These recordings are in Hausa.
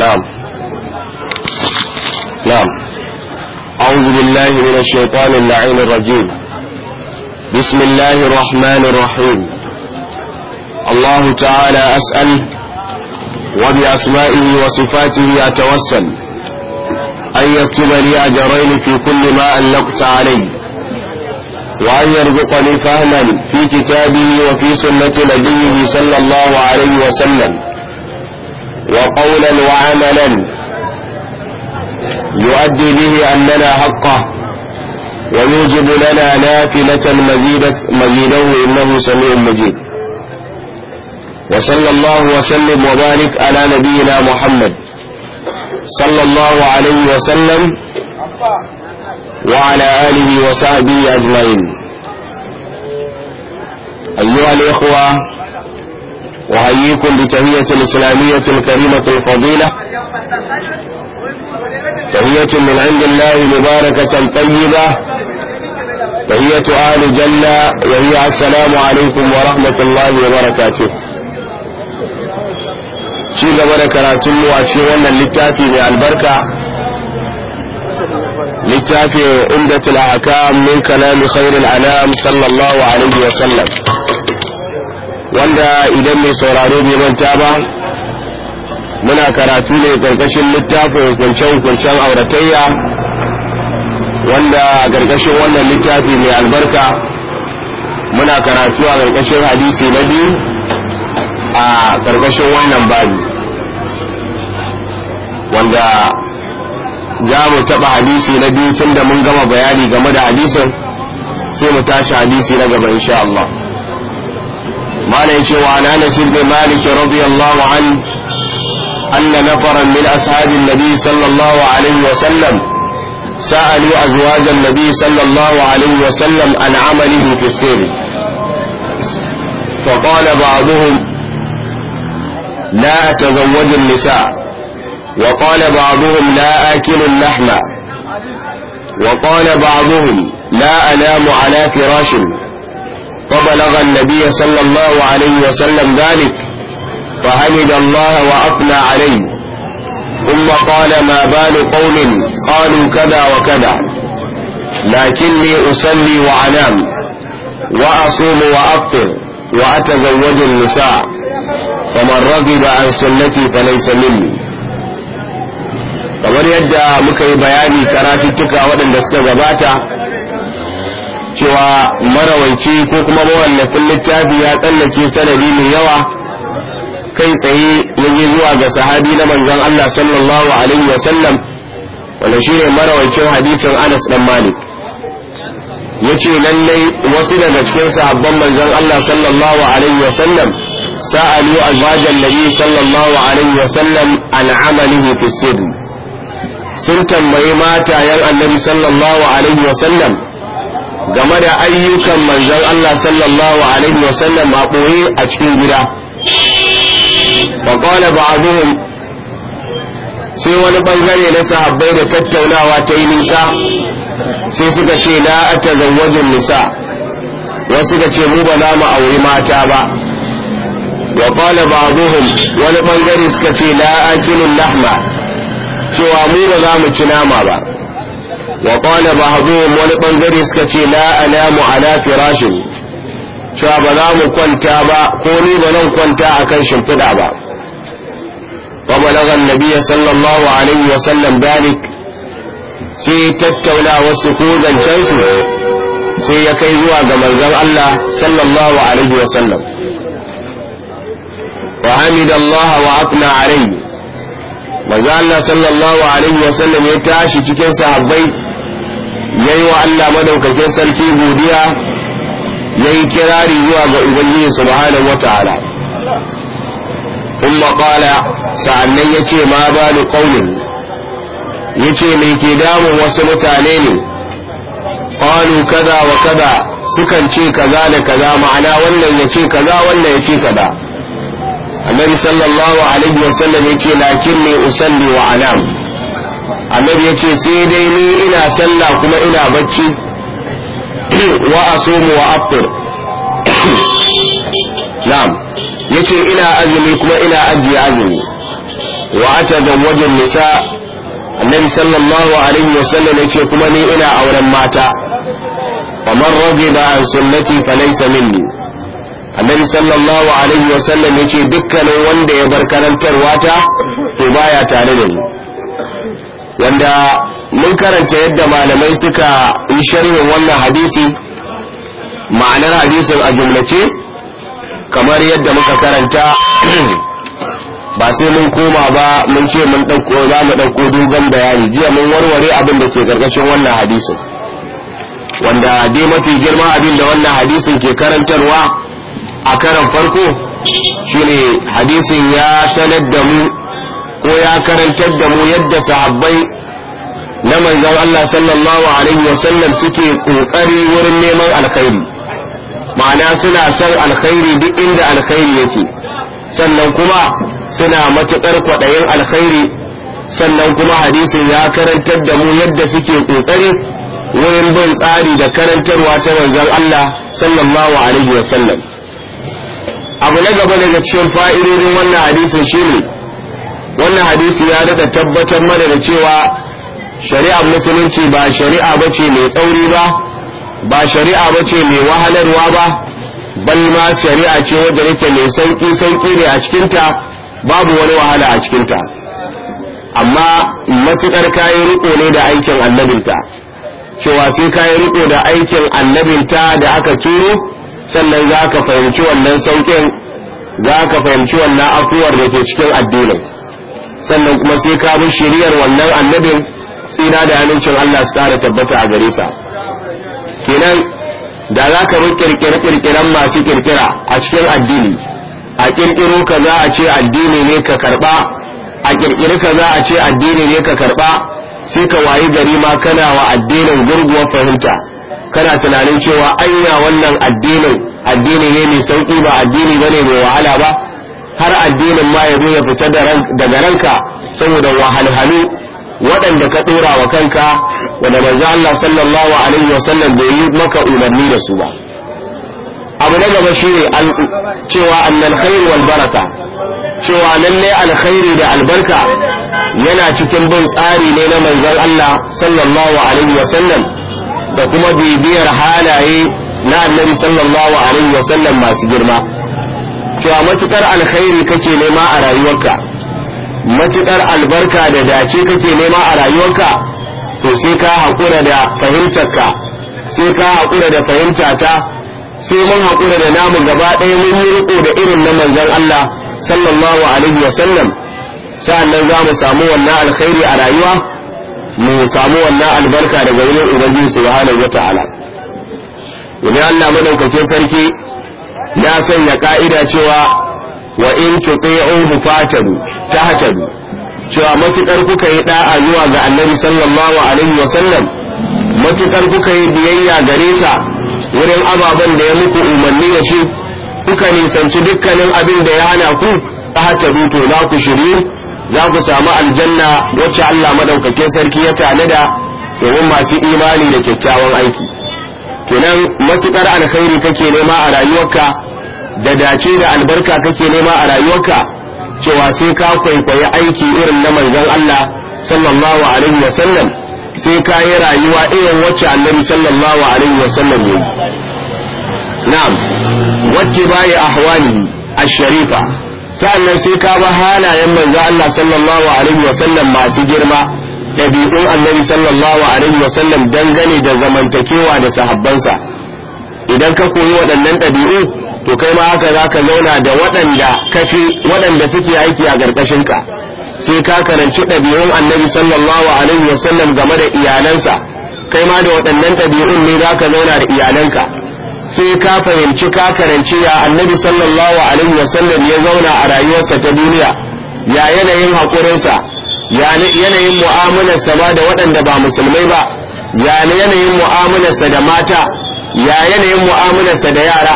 نعم نعم أعوذ بالله من الشيطان اللعين الرجيم بسم الله الرحمن الرحيم الله تعالى أسأل وبأسمائه وصفاته أتوسل أن يكتب لي أجرين في كل ما ألقت علي وأن يرزقني فهما في كتابه وفي سنة نبيه صلى الله عليه وسلم وقولا وعملا يؤدي به أننا حقه ويوجب لنا نافلة مزيدة مزيده إنه سميع مجيد وصلى الله وسلم وبارك على نبينا محمد صلى الله عليه وسلم وعلى آله وصحبه أجمعين أيها الإخوة وحييكم بتهية الإسلامية الكريمة الفضيلة تهية من عند الله مباركة طيبة تهية آل جنة وهي السلام عليكم ورحمة الله وبركاته شيء قبل كراتم وأشيونا للتافي من البركة للتافي عمدة الأحكام من كلام خير الأنام صلى الله عليه وسلم wanda idan mai sauraro bai manta ba muna karatu ne karkashin littafin hukuncen hukuncen auratayya wanda a karkashin wannan littafi mai albarka muna karatu a karkashin hadisi na biyu a karkashin wannan babu wanda za mu taɓa hadisi na biyu tun da mun gama bayani game da hadisin sai mu tashi hadisi na gaba insha Allah. قال يجي وعن أنس بن مالك رضي الله عنه أن نفرا من أصحاب النبي صلى الله عليه وسلم سألوا أزواج النبي صلى الله عليه وسلم عن عمله في السير فقال بعضهم لا أتزوج النساء وقال بعضهم لا آكل اللحم وقال بعضهم لا أنام على فراش وبلغ النبي صلى الله عليه وسلم ذلك فحمد الله وأثنى عليه ثم قال ما بال قوم قالوا كذا وكذا لكني أصلي وأنام وأصوم وأفطر وأتزوج النساء فمن رغب عن سنتي فليس مني kamar yadda muka yi bayani karatuttuka waɗanda suka gabata cewa marawaici ko kuma mawallafin littafi ya tsallake sanadi mai yawa kai tsaye ya je zuwa ga sahabi na manzon Allah sallallahu alaihi wa sallam wanda shine marawaicin hadisin Anas dan Malik yace lallai wasu daga cikin sahabban manzon Allah sallallahu alaihi wa sallam sa'alu azwajan nabi sallallahu alaihi wa sallam an amalihi fi sirri sun tambayi matayen annabi sallallahu alaihi wa sallam game da ayyukan manzon Allah sallallahu alaihi wasallam a ɓoye a cikin gida wa ba ba'dhum sai wani bangare na sahabbai da tattaunawa ta yi nisa sai suka ce na la tazawajin nisa wasu ka ce mu ba za mu auri mata ba wa ba ba'dhum wani bangare suka ce la akilun lahma cewa mu ba za mu ci nama ba wa qala ba'dhum wani bangare suka ce la anamu ala firashin cewa ba za mu kwanta ba ko ni ba nan kwanta akan shimfiɗa ba wa balagha an-nabiy sallallahu alaihi wa sallam dalik sai tattauna wasu ko zancen sai ya kai zuwa ga manzon Allah sallallahu alaihi wa sallam wa wa sallam ya tashi cikin sahabbai yayi wa Allah madaukakin sarki godiya yayi kirari zuwa ga ubangiji subhanahu wataala kuma qala sa'annan yace ma ba ƙaunin. Ya yace me ke damun wasu mutane ne qalu kaza wa kaza sukan ce kaza da kaza ma'ana wannan yace kaza wannan yace kaza annabi sallallahu alaihi wasallam yace lakin me usalli wa anam annabi ya ce sai dai ni ina sallah kuma ina bacci wa asumu wa aftir na'am yace ina azumi kuma ina ajiye azumi wa wajen nisa annabi sallallahu alaihi wasallam yace kuma ni ina auren mata faman raghiba an sunnati falaysa minni annabi sallallahu alaihi wasallam yace dukkanin wanda ya bar karantarwa ta to baya tare da ni wanda mun karanta yadda malamai suka yi sharhin wannan hadisi ma'anar hadisin a jumlace kamar yadda muka karanta ba sai mun koma ba mun ce mun ɗauko za mu ɗauko dogon bayani jiya mun warware abin da ke ƙarƙashin wannan hadisin wanda dai mafi girma abin da wannan hadisin ke karantarwa a karan farko shine hadisin ya sanar da mu ko ya karantar da mu yadda sahabbai na manzon Allah sallallahu alaihi wasallam suke kokari wurin neman alkhairi ma'ana suna son alkhairi duk inda alkhairi yake sannan kuma suna matuƙar kwaɗayin alkhairi sannan kuma hadisin ya karantar da mu yadda suke kokari wurin bin tsari da karantarwa ta manzon Allah sallallahu alaihi wasallam abu na gaba daga cikin fa'idodin wannan hadisin shine wannan hadisi ya daga tabbatar mana da cewa shari'ar musulunci ba shari'a ba ce mai tsauri ba ba shari'a ba ce mai wahalarwa ba bal ma shari'a ce wadda yake mai sauƙi sauƙi ne a cikinta babu wani wahala a cikinta amma matuƙar kayan riko ne da aikin annabinta cewa sai kayan riko da aikin annabinta da aka turo sannan za ka fahimci wannan sauƙin za ka fahimci wannan afuwar da ke cikin addinin sannan kuma sai ka bi shiriyar wannan annabin Sai na da amincin Allah su tare tabbata a gare sa kenan da za ka bi kirkire-kirkiren masu kirkira a cikin addini a kirkiro ka za a ce addini ne ka karba a kirkiri ka za a ce addini ne ka karba sai ka wayi gari ma kana wa addinin gurguwar fahimta kana tunanin cewa anya wannan addinin addini ne mai sauki ba addini bane mai wahala ba har addinin ma ya zo ya fita daga ranka saboda wahalhalu waɗanda ka ɗora wa kanka wanda manzo Allah sallallahu alaihi sallam bai yi maka umarni da su ba abu na gaba shine cewa annal khair wal baraka cewa lalle alkhairi da albarka yana cikin bin tsari ne na manzon Allah sallallahu alaihi sallam da kuma bibiyar halaye na annabi sallallahu alaihi sallam masu girma cewa matukar alkhairi kake nema a rayuwarka matukar albarka da dace kake nema a rayuwarka to sai ka haƙura da fahimtarka sai ka haƙura da fahimtata sai mun haƙura da namu gaba ɗaya mun yi riko da irin na manzon Allah sallallahu alaihi wa sallam za mu samu wannan alkhairi a rayuwa mu samu wannan albarka daga wurin ubangiji subhanahu wata'ala ta'ala idan Allah madaukakin sarki ya sanya ka'ida cewa wa in tuti'uhu fatadu tahtadu cewa matukar kuka yi da'a zuwa ga annabi sallallahu alaihi wa sallam matukar kuka yi biyayya gare sa wurin ababen da ya muku umarni da shi kuka nisanci dukkanin abin da ya hana ku tahtadu to za ku shiri za ku samu aljanna wacce Allah madaukake sarki ya tanada domin masu imani da kyakkyawan aiki kenan matukar alkhairi kake nema a rayuwarka da dace da albarka kake nema a rayuwarka cewa sai ka kwaikwayi aiki irin na manzon Allah sallallahu alaihi wa sallam sai ka yi rayuwa irin wacce annabi sallallahu alaihi wa sallam yayi na'am wacce bai ahwali ash-sharifa sa'annan sai ka ba halayen manzon Allah sallallahu alaihi wa sallam masu girma ɗabi'un annabi sallallahu alaihi wasallam dangane da zamantakewa da sahabbansa idan ka koyi waɗannan ɗabi'u to kai ma haka za ka zauna da waɗanda kafi waɗanda suke aiki a ƙarƙashinka sai ka karanci ɗabi'un annabi sallallahu alaihi wasallam game da iyalansa kai ma da waɗannan ɗabi'un ne za ka zauna da iyalanka sai ka fahimci ka karanci ya annabi sallallahu alaihi wasallam ya zauna a rayuwarsa ta duniya ya yanayin haƙurinsa yanayin mu'amalarsa ba da waɗanda ba musulmai ba ya yanayin mu'amalarsa da mata ya yanayin mu'amalarsa da yara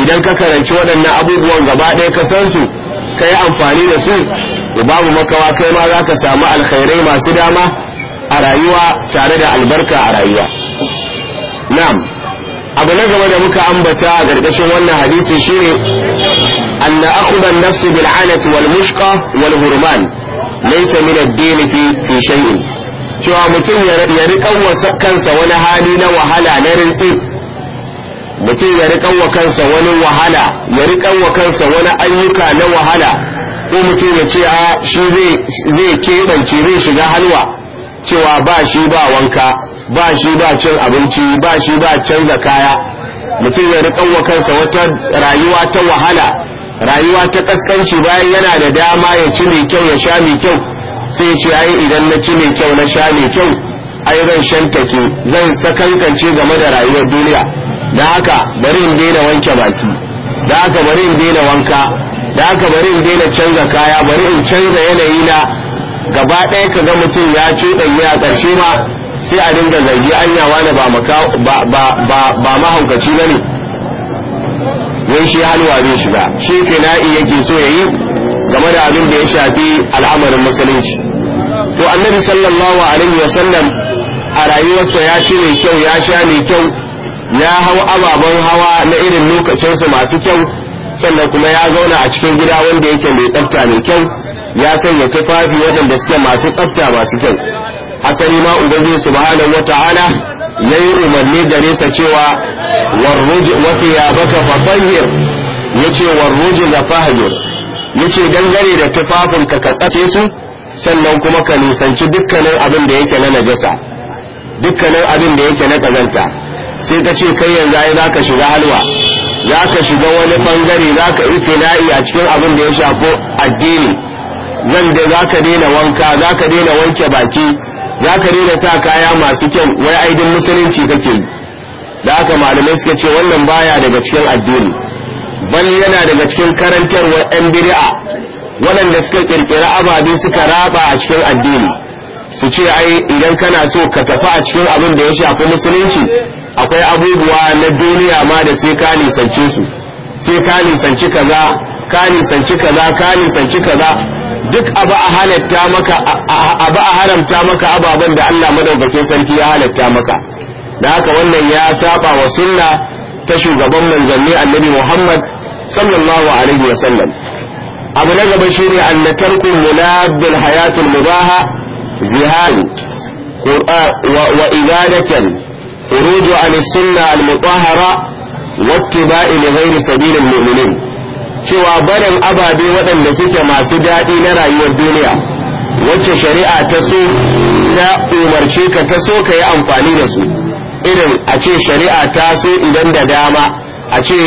idan ka karanci waɗannan abubuwan gaba ɗaya ka san su ka yi amfani da su babu makawa kai ma za ka samu alkhairai masu dama a rayuwa tare da albarka a rayuwa na'am abu na gaba da muka ambata a ƙarƙashin wannan hadisin shine anna akhudha an-nafs bil wal mushqa wal hurman laysa min ad-din fi fi shay'in cewa mutum ya riƙan wa kansa wani hali na wahala na rintsi mutum ya riƙan wa kansa wani wahala ya kansa wani ayyuka na wahala ko mutum ya ce a shi zai keɓance zai shiga halwa cewa ba shi ba wanka ba shi ba cin abinci ba shi ba canza kaya mutum ya riƙan wa kansa wata rayuwa ta wahala rayuwa ta kaskanci bayan yana da dama ya ci mai kyau ya sha mai kyau sai ya ce ai idan na ci mai kyau na sha mai kyau ai zan shantake zan sakankance game da rayuwar duniya da haka bari in daina wanke baki da haka bari in daina wanka da haka bari in daina canza kaya bari in canza yanayi na gaba ɗaya ka ga mutum ya ci cuɗanya a ƙarshe ma sai a dinga zargi anyawa ne ba mahaukaci ba ne wai shi halwa zai shiga shi na'i yake so ya yi game da abin da ya shafi al'amarin musulunci to annabi sallallahu alaihi wa sallam a rayuwarsa ya shi mai kyau ya sha mai kyau ya hau ababen hawa na irin lokacinsa masu kyau sannan kuma ya zauna a cikin gida wanda yake mai tsafta mai kyau ya sanya tufafi waɗanda suke masu tsafta masu kyau asali ma ubangiji subhanahu wata'ala ya yi umarni gare sa cewa wafi ya baka ya ce warruji da fahajir ya ce dangane da tufafin ka ka tsafe su sannan kuma ka nisanci dukkanin abin da yake na najasa dukkanin abin da yake na kazanta sai ka ce kai yanzu ai za ka shiga halwa za ka shiga wani bangare za ka ifina'i a cikin abin da ya shafo addini zan da za ka daina wanka za ka daina wanke baki za ka daina sa kaya masu kyau wai aidin musulunci kake yi da haka malamai suka ce wannan baya daga cikin addini bal yana daga cikin karantarwa yan bid'a waɗanda suka kirkiri ababe suka raba a cikin addini su ce ai idan kana so ka tafi a cikin abin da ya shafi musulunci akwai abubuwa na duniya ma da sai ka nisance su sai ka nisanci kaza ka nisanci kaza ka nisanci kaza duk abu a a haramta maka ababen da Allah madaukakin sarki ya halatta maka da haka wannan ya saba wa sunna ta shugaban manzanni annabi Muhammad sallallahu alaihi wa sallam abu na gaba shine annatarku munabbil hayatul mubaha zihari wa ibadatan khuruju an sunna al mutahhara واتباع لغير سبيل muminin cewa barin ababe waɗanda suke masu daɗi na rayuwar duniya wacce shari'a ta so ta umarce ka ta so ka yi amfani da su irin a ce shari'a ta so idan da dama a ce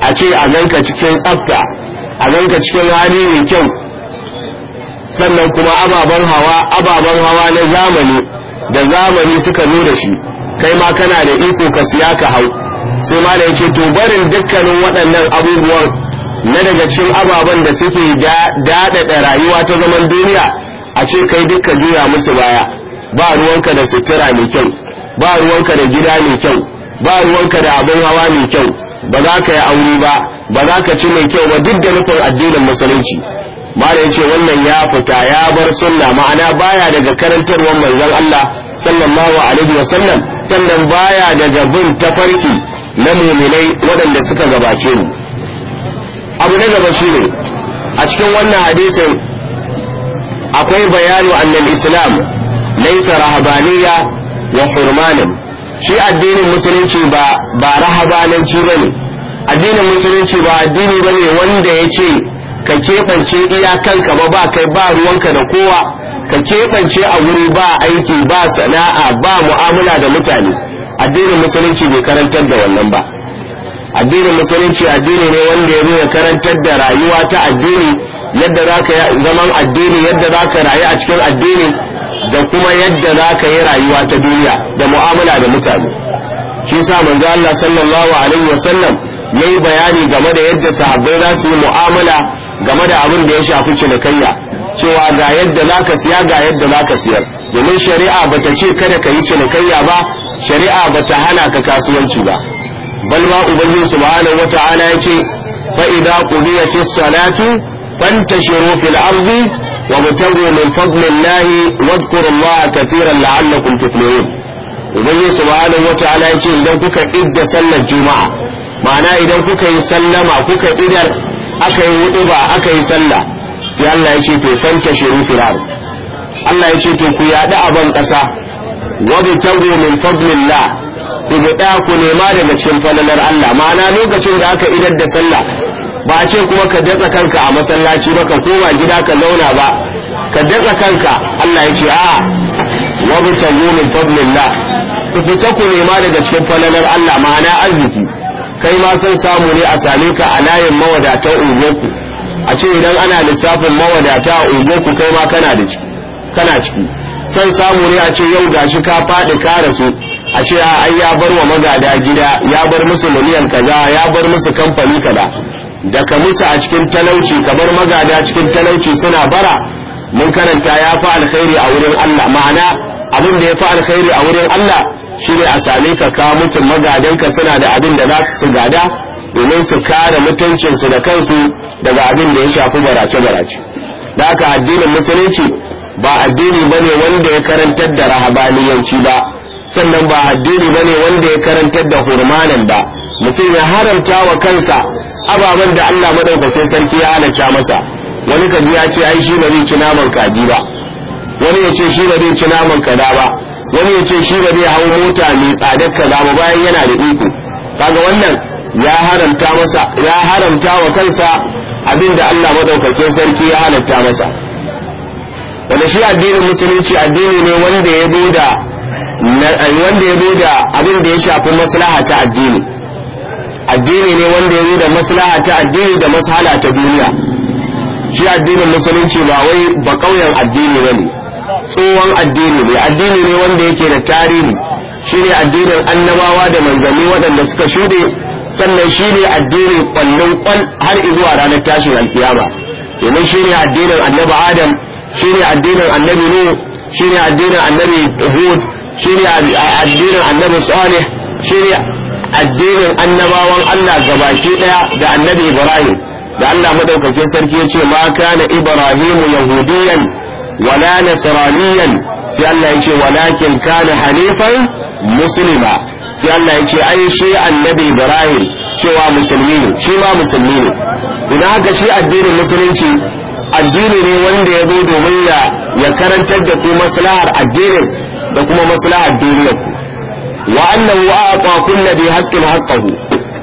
a ce ganka cikin tsafta a ganka cikin hali mai kyau sannan kuma ababen hawa ababen hawa na zamani da zamani suka nuna shi kai ma kana da iko ka siya ka hau sai ma da yake to barin dukkanin waɗannan abubuwan na daga cikin ababen da suke daɗaɗa rayuwa ta zaman duniya a ce kai dukkan juya musu baya ba ruwanka da sutura mai kyau ba ruwanka da gida mai kyau ba ruwanka da abin hawa mai kyau ba za ka yi aure ba ba za ka ci mai kyau ba duk da nufin addinin musulunci malam ce wannan ya fita ya bar sunna ma'ana baya daga karantarwar manzon Allah sallallahu alaihi wa sallam sannan baya daga bin tafarki na muminai waɗanda suka gabace mu abu na gaba shi ne a cikin wannan hadisin akwai bayanu annal islam laysa rahabaniya wa hurmanin shi addinin musulunci ba ba rahabananci ba ne addinin musulunci ba addini ba wanda ya ce ka keɓance iyakanka ba ba kai ba ruwanka da kowa ka keɓance a wuri ba aiki ba sana'a ba mu'amala da mutane addinin musulunci bai karantar da wannan ba addinin musulunci addini ne wanda ya zo karantar da rayuwa ta addini yadda za ka zaman addini yadda za ka rayu a cikin addini da kuma yadda za ka yi rayuwa ta duniya da mu'amala da mutane shi sa manzo Allah sallallahu alaihi sallam yayi bayani game da yadda sahabbai za su yi mu'amala game da abin da ya shafi cinikayya cewa ga yadda za ka siya ga yadda za ka siyar domin shari'a bata ce kada ka yi cinikayya ba shari'a bata hana ka kasuwanci ba bal ma fa'ida ku biya yace fa idza qudiyatis salatu fantashiru fil ardi wabtaghu min fadlillahi wadhkurullaha kathiran la'allakum tuflihun ubangiji subhanahu ya ce idan kuka idda sallar juma'a ma'ana idan kuka yi sallama kuka idar aka yi wuduba aka yi sallah sai Allah yace to fantashiru fil ardi Allah ce to ku yaɗa a ban ƙasa wabtaghu min fadlillah daga ɗaya ku nema daga cikin falalar Allah ma'ana lokacin da aka idar da sallah ba a ce kuma ka datsa kanka a masallaci ba ka koma gida ka launa ba ka datsa kanka Allah ya ce a wa bi tabumin fadlillah ku fita ku nema daga cikin falalar Allah ma'ana arziki kai ma san samu ne a same ka a layin mawadatan ku? a ce idan ana lissafin mawadata a ku kai ma kana da ciki kana ciki san samu ne a ce yau gashi ka faɗi ka rasu a ce ai ya bar wa magada gida ya bar musu miliyan kaza ya bar musu kamfani kaza da ka mutu a cikin talauci ka bar magada cikin talauci suna bara mun karanta ya fa alkhairi a wurin Allah ma'ana abin da ya fa alkhairi a wurin Allah shine a same ka ka mutu ka suna da abin da za su gada domin su kare mutuncinsu da kansu daga abin da ya shafi barace-barace da haka addinin musulunci ba addini bane wanda ya karantar da rahabaniyanci ba sannan ba addini ba ne wanda ya karantar da hurmanan ba mutum ya haramta wa kansa ababen da Allah madaukakin sarki ya halatta masa wani kaji ya ce ai shi ba zai naman kaji ba wani ya ce shi ba zai naman kaza ba wani ya ce shi ba zai hau mota mai tsadar kaza ba bayan yana da iko kaga wannan ya haramta masa ya haramta wa kansa abin da Allah madaukakin sarki ya halarta masa wanda shi addinin musulunci addini ne wanda ya zo da Eh, wanda ya da abin da ya shafi maslaha ta addini addini ne wanda ya da maslaha ta addini da maslaha ta duniya shi addinin musulunci ba wai ba kauyen addini ba ne tsohon addini ne addini ne wanda yake da tarihi shi ne addinin annabawa da manzanni waɗanda suka shuɗe sannan shi ne addinin ƙwallon ƙwal har zuwa ranar tashin alkiyama domin shi ne addinin annabi adam shi ne addinin annabi Nuhu shi ne addinin annabi hud shine addinin annabi salih shine addinin annabawan Allah gabaki daya da annabi Ibrahim da Allah madaukakin sarki ya ce ma kana Ibrahim yahudiyan wala nasraniyan sai Allah ya ce walakin kana hanifan muslima sai Allah ya ce ai shi annabi Ibrahim cewa musulmi ne shi ma musulmi ne ina haka shi addinin musulunci addini ne wanda ya zo domin ya karantar da ku maslahar addinin da kuma maslahar duniyar ku wa annahu a'ta kullu bi haqqin haqqahu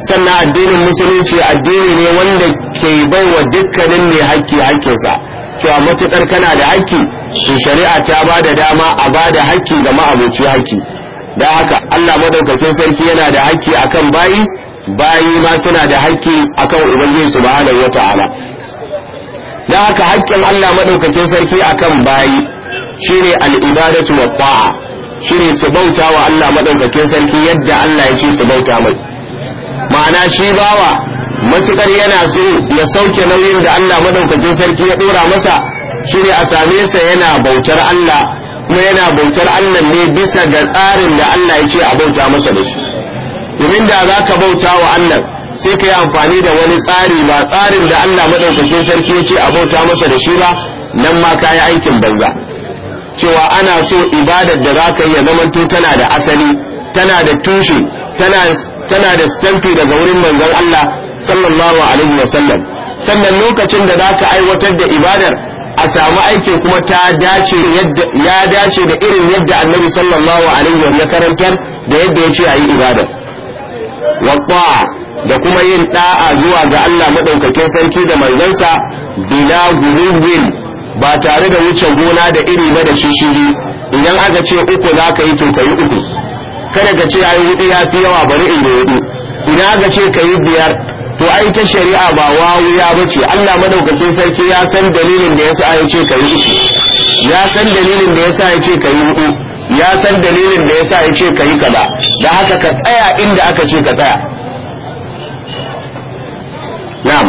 sannan addinin musulunci addini ne wanda ke bai wa dukkanin mai haƙƙi haƙƙinsa cewa matuƙar kana da haƙƙi to shari'a ta ba da dama a ba da haƙƙi ga ma'aboci haƙƙi da haka Allah madaukakin sarki yana da haƙƙi akan bayi bayi ma suna da haƙƙi akan ubangiji subhanahu wata'ala da haka haƙƙin Allah madaukakin sarki akan bayi shine al-ibadatu wa ta'a shine su bauta wa Allah madaukakin sarki yadda Allah ya ce su bauta mai ma'ana shi bawa matukar yana so ya sauke nauyin da Allah madaukakin sarki ya dora masa shine a same sa yana bautar Allah kuma yana bautar Allah ne bisa ga tsarin da Allah ya ce a bauta masa da shi domin da za ka bauta wa Allah sai ka yi amfani da wani tsari ba tsarin da Allah madaukakin sarki ya ce a bauta masa da shi ba nan ma ka yi aikin banza cewa ana so ibadar da zaka yi ya zamanto tana da asali tana da tushe tana da stamfi daga wurin manzon Allah sallallahu alaihi wasallam sannan lokacin da za ka aiwatar da ibadar a samu aiki kuma ta dace ya dace da irin yadda annabi sallallahu alaihi wasallam ya karantar da yadda ya ce a yi ibadar wa da kuma yin da'a zuwa ga Allah madaukakin sarki da manzansa bila gurubin ba tare da wuce gona da iri ba da shishiri idan aka ce uku za ka yi to ka yi uku kada ka ce ayi hudu ya fi yawa bari in da hudu idan aka ce ka yi biyar to ai ta shari'a ba wawuya ba ce Allah madaukakin sarki ya san dalilin da yasa ya ce ka yi uku ya san dalilin da yasa ya ce ka yi hudu ya san dalilin da yasa ya ce ka yi kaza da haka ka tsaya inda aka ce ka tsaya na'am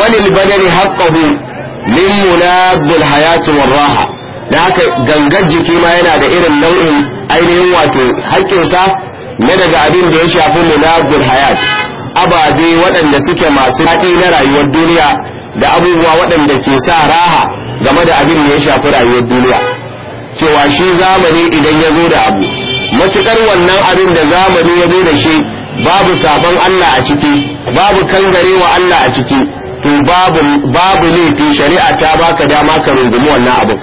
walil badani haqqahu min munabbil hayati warraha raha da haka gangar jiki ma yana da irin nau'in ainihin wato haƙƙinsa na daga abin da ya shafi munabbil hayat ababe waɗanda suke masu daɗi na rayuwar duniya da abubuwa waɗanda ke sa raha game da abin da ya shafi rayuwar duniya cewa shi zamani idan ya zo da abu matuƙar wannan abin da zamani ya zo da shi babu sabon Allah a ciki babu kangarewa Allah a ciki to babu babu laifi shari'a ta baka dama ka rungumi wannan abu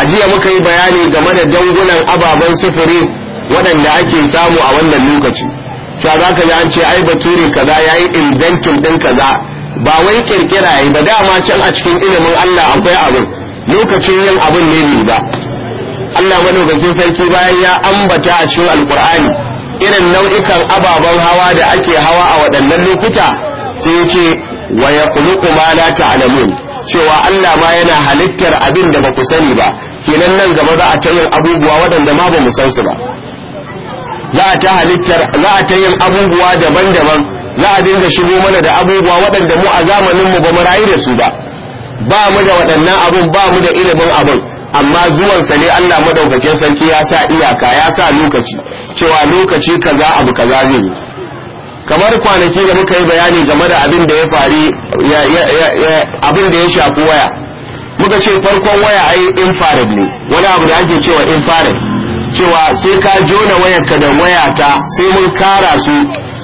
a jiya muka yi bayani game da dangunan ababen sufuri waɗanda ake samu a wannan lokaci cewa za ka ji an ce ai bature kaza ya yi inventin ɗin kaza ba wai kirkira ya yi ba dama can a cikin ilimin Allah akwai abin lokacin yin abin ne ne ba Allah madaukakin sarki bayan ya ambata a cikin alkur'ani irin nau'ikan ababen hawa da ake hawa a waɗannan lokuta sai ya ce wa ya kuluku ma la ta'lamun cewa Allah ma yana halittar abin da ba ku sani ba kenan nan gaba za a ta abubuwa waɗanda ma ba mu san su ba za a ta halittar za a ta yin abubuwa daban-daban za a dinga shigo mana da abubuwa waɗanda mu a zamanin mu ba mu rayu da su ba ba mu da waɗannan abun ba mu da ilimin abun amma zuwansa ne Allah madaukakin sarki ya sa iyaka ya sa lokaci cewa lokaci kaza abu kaza zai yi kamar kwanaki da muka yi bayani game da abin da ya fari abin da ya shafi waya muka ce farkon waya ai infrared ne wani abu da ake cewa infrared cewa sai ka jona wayarka da wayata sai mun kara su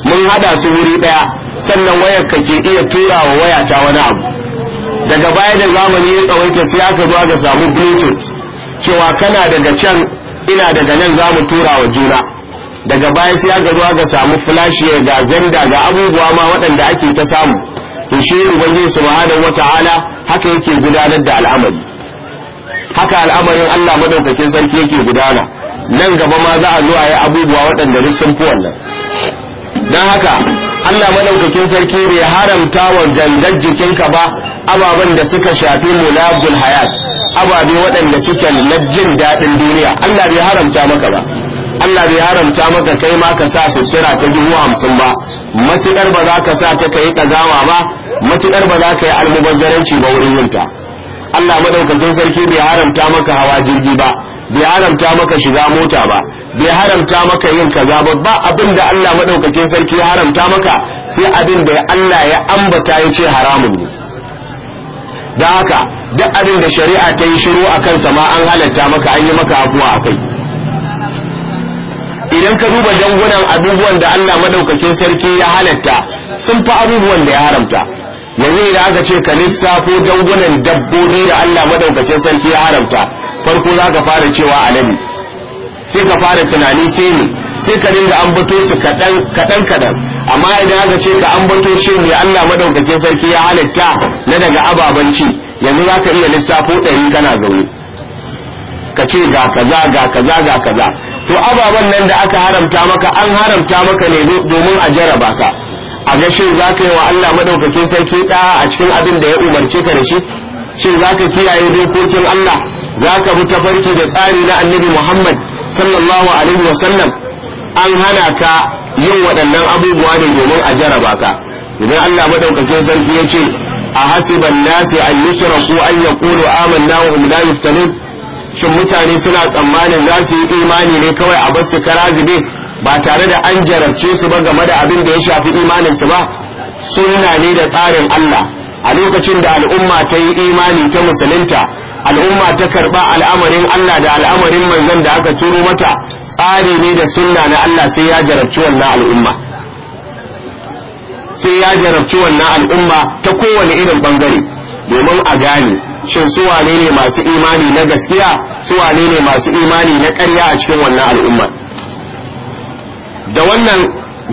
mun hada su wuri daya sannan wayarka ke iya tura wa wayata wani abu daga baya da zamani ya tsawaita sai aka zuwa ga samu bluetooth cewa kana daga can ina daga nan za mu tura wa juna daga baya sai aka zo aka samu flashi ga zanda ga abubuwa ma waɗanda ake ta samu to shi ubangiji subhanahu wataala haka yake gudanar da al'amari haka al'amarin Allah madaukakin sarki yake gudana nan gaba ma za a zo a yi abubuwa waɗanda duk sun fi wannan don haka Allah madaukakin sarki bai haramta wa gangan jikinka ba ababen da suka shafi mulabul hayat ababe waɗanda suke na jin daɗin duniya Allah bai haramta maka ba Allah bai haramta maka kai ma ka sa sutura ta dubu hamsin ba matuƙar ba za ka sa ta kai ɗagawa ba matuƙar ba za ka yi almubazzaranci ba wurin yinta Allah madaukakin sarki bai haramta maka hawa jirgi ba bai haramta maka shiga mota ba bai haramta maka yin kaza ba ba abin Allah madaukakin sarki ya haramta maka sai abin da Allah ya ambata ya ce haramun ne da haka duk abin da shari'a ta yi shiru a kansa ma an halatta maka an yi maka afuwa a kai idan ka duba dangunan abubuwan da Allah madaukakin sarki ya halatta sun fi abubuwan da ya haramta yanzu idan aka ce ka lissafo dangunan dabbobi da Allah madaukakin sarki ya haramta farko za ka fara cewa Alami. sai ka fara tunani sai ne sai ka dinga ambato su kaɗan kaɗan amma idan aka ce ka ambato shi ne Allah madaukakin sarki ya halatta na daga ababanci yanzu za ka iya lissafo ɗari kana zaune ka ce ga kaza ga kaza ga kaza to ababan nan da aka haramta maka an haramta maka ne domin a jaraba ka a ga shin za ka yi wa Allah madaukakin sarki da a cikin abin da ya umarce ka da shi shin za ka kiyaye dokokin Allah za ka bi ta farki da tsari na annabi Muhammad sallallahu alaihi wasallam an hana ka yin waɗannan abubuwa ne domin a jaraba ka idan Allah madaukakin sarki ya ce a hasiban nasi an yutraku an yaqulu amanna wa hum la yuftanun shin mutane suna tsammanin za su yi imani ne kawai a basu karazube ba tare da an jarabce su ba game da abin da ya shafi imanin su ba sunna ne da tsarin Allah a lokacin da al'umma ta yi imani ta musulunta al'umma ta karba al'amarin Allah da al'amarin manzon da aka turo mata tsari ne da sunna na Allah sai ya jarabci wannan al'umma sai ya jarabci wannan al'umma ta kowane irin bangare domin a gane shin su wane ne masu imani na gaskiya su wane ne masu imani na ƙarya a cikin wannan al'umma da wannan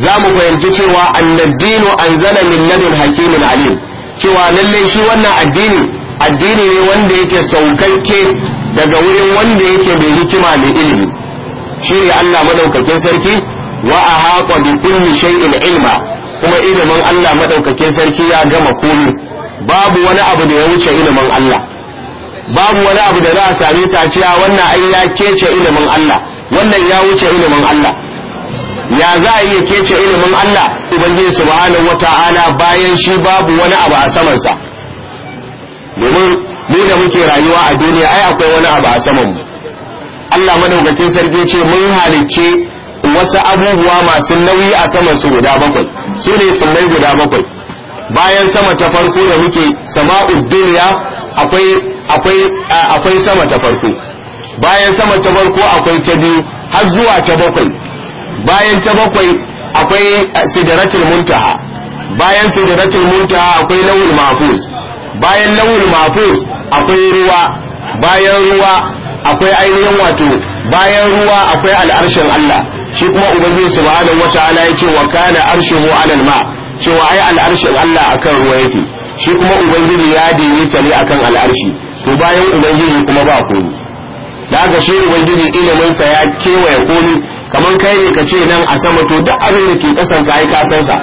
za mu fahimci cewa annaddinu anzala min ladun hakimin alim cewa lallai shi wannan addini addini ne wanda yake saukarke daga wurin wanda yake mai hikima mai ilimi shi ne Allah madaukakin sarki wa ahata bi kulli shay'in ilma kuma ilimin Allah madaukakin sarki ya gama komai babu wani abu da ya wuce ilimin Allah babu wani abu da za a same ta cewa wannan ai ya kece ilimin Allah wannan ya wuce ilimin Allah ya za a iya kece ilimin Allah ubangiji subhanahu wata'ala bayan shi babu wani abu a saman sa domin ni da muke rayuwa a duniya ai akwai wani abu a saman mu Allah madaukakin sarki ce mun halicce wasu abubuwa masu nauyi a saman su guda bakwai su ne sunai guda bakwai bayan sama ta farko da muke sama'ud duniya akwai sama ta farko bayan sama ta farko akwai ta biyu har zuwa ta bakwai bayan ta bakwai akwai sidratul muntaha bayan sidratul muntaha akwai lawul mahfuz bayan lawul mahfuz akwai ruwa bayan ruwa akwai ainihin wato bayan ruwa akwai al'arshin Allah shi kuma ubangiji subhanahu wataala yace wa kana arshuhu 'alal ma' cewa ai al'arshin Allah akan ruwa yake shi kuma ubangiji ya ta ne akan al'arshi to bayan ubangiji kuma ba komi da haka shi ubangiji iliminsa ya kewaye komi kamar kai ne ka ce nan a sama to duk abin da ke kasan ka ka san sa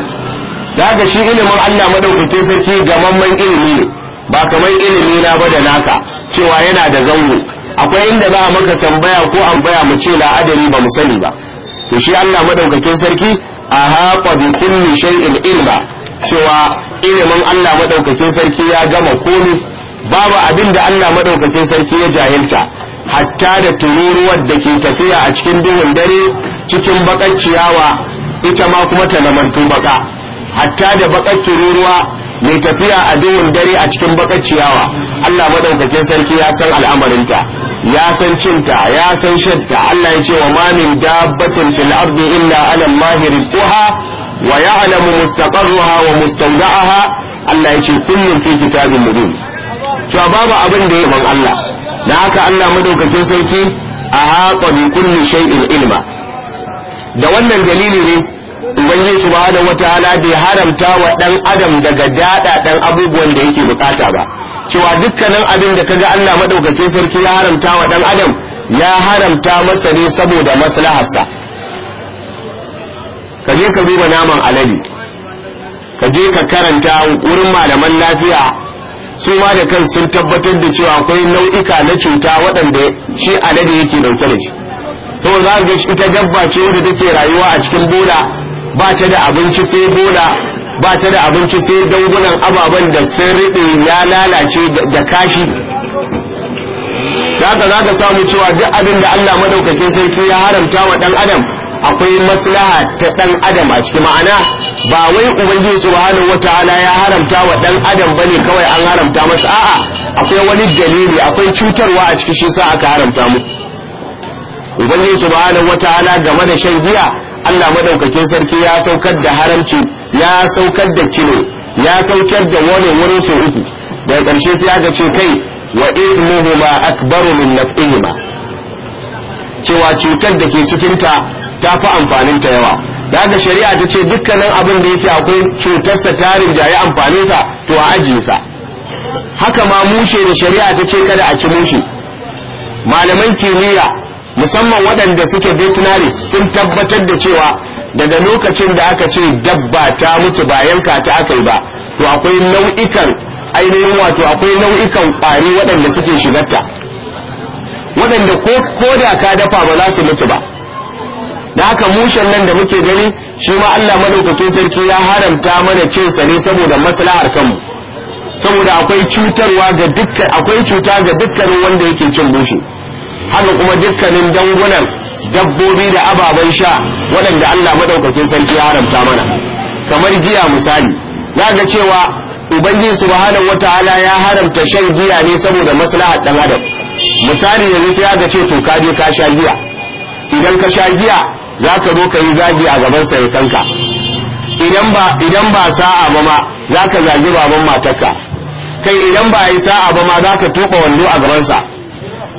da haka shi ilimin Allah madaukakin sarki ga mamman ilimi ne ba kamar ilimi na ba da naka cewa yana da zango akwai inda za a maka tambaya ko an baya mu ce la ba mu sani ba to shi Allah madaukakin sarki ahata bi kulli shay'in ilma cewa ilimin Allah madaukakin sarki ya gama komai babu abin da Allah madaukakin sarki ya jahilta hatta da tururuwar da ke tafiya a cikin duhun dare cikin bakar ciyawa ita ma kuma ta lamantu baka hatta da bakar tururuwa mai tafiya a duhun dare a cikin bakar ciyawa Allah madaukakin sarki ya san al'amarinta ya san cinta ya san shanta Allah ya ce wa ma min dabbatin fil ardi illa ala Allah rizquha wa ya'lamu mustaqarraha wa mustawda'aha Allah ya ce kullun fi kitabin mubin to babu abin da ya Allah dan haka Allah madaukakin sarki a haƙa bi kulli shay'in ilma da wannan dalili ne ubangiji subhanahu wataala bai haramta wa dan adam daga dada dan abubuwan da yake bukata ba cewa dukkanin abin da kaga Allah maɗaukacin sarki ya haramta wa dan adam ya haramta masa ne saboda maslaharsa kaje ka duba naman alade ka je ka karanta wurin malaman lafiya su ma da kan sun tabbatar da cewa akwai nau'ika na cuta waɗanda shi alade yake dauke da shi saboda za ga ita dabba ce wadda take rayuwa a cikin bola ba ta da abinci sai bola ba ta da abinci sai dangunan ababen da sun riɗe ya lalace da kashi Za zaka za ka samu cewa duk abin da Allah madaukakin sarki ya haramta wa ɗan adam akwai maslaha ta ɗan adam a ciki ma'ana ba wai ubangiji subhanahu wataala ya haramta wa ɗan adam bane kawai an haramta masa a'a akwai wani dalili akwai cutarwa a ciki shi sa aka haramta mu ubangiji subhanahu wataala game da shan giya Allah madaukakin sarki ya saukar da haramci ya saukar da kilo ya saukar da wani wurin sau uku daga ƙarshe sai aka ce kai wa ma akbaru min naf'ihima cewa cutar da ke cikinta ta fi amfanin ta yawa da haka shari'a ta ce dukkanin abin da yake akwai cutarsa tarin jayi amfaninsa to a ajiye sa haka ma mushe da shari'a ta ce kada a ci mushe malaman kimiyya musamman waɗanda suke veterinary sun tabbatar da cewa daga lokacin da aka ce dabba ta mutu ba yanka ta aka yi ba to akwai nau'ikan ainihin wato akwai nau'ikan ƙwari waɗanda suke shigarta waɗanda ko da ka dafa ba za su mutu ba da haka mushen nan da muke gani shi ma Allah madaukakin sarki ya haramta mana cin sa ne saboda maslahar kanmu saboda akwai cutarwa ga dukkan akwai cuta ga dukkanin wanda yake cin bushe haka kuma dukkanin dangunan dabbobi da ababen sha waɗanda Allah madaukakin sarki ya haramta mana kamar giya misali za ga cewa ubangiji wata wataala ya haramta shan giya ne saboda maslahar dan adam misali yanzu sai ga ce to ka je ka sha giya idan ka sha giya za ka zo ka yi zagi a gaban sarkanka idan ba idan ba sa'a ba ma za ka zagi baban matarka kai idan ba yi sa'a ba ma za ka toba wando a gabansa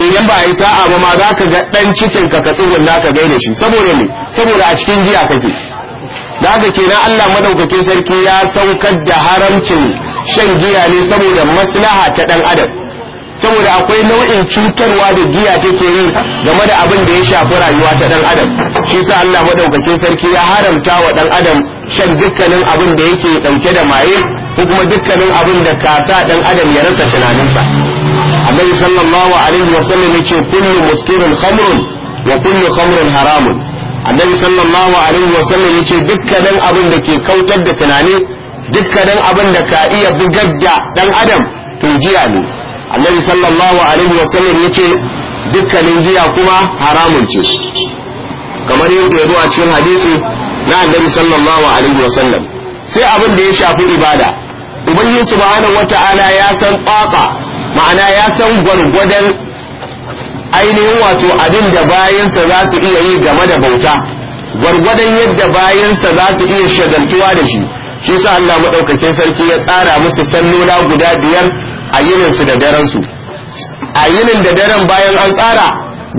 idan ba a yi sa'a ba ma za ka ga ɗan cikin ka ka tsugunna ka gaida shi saboda ne saboda a cikin giya kake da haka kenan Allah madaukakin sarki ya saukar da haramcin shan giya ne saboda maslaha ta ɗan adam saboda akwai nau'in cutarwa da giya take yi game da abin da ya shafi rayuwa ta ɗan adam shi sa Allah madaukakin sarki ya haramta wa ɗan adam shan dukkanin abin da yake ɗauke da maye ko kuma dukkanin abin da kasa ɗan adam ya rasa tunaninsa annabi sallallahu alaihi wa sallam yace kullu muskirin khamrun wa kullu khamrin haramun annabi sallallahu alaihi wa sallam yace dukkanin abin da ke kautar da tunani dukkanin abin da ka iya bugar da adam to giya ne annabi sallallahu alaihi wa sallam yace dukkanin giya kuma haramun ce kamar yadda ya zo a cikin hadisi na annabi sallallahu alaihi wa sai abin da ya shafi ibada ubangiji subhanahu wata'ala ya san tsaka ma'ana ya san gwargwadon ainihin wato abin da bayansa za su iya yi game da bauta gwargwadon yadda bayansa za su iya shagaltuwa da shi shi sa Allah maɗaukakin sarki ya tsara musu sannuna guda biyar a yininsu da darensu a yinin da daren bayan an tsara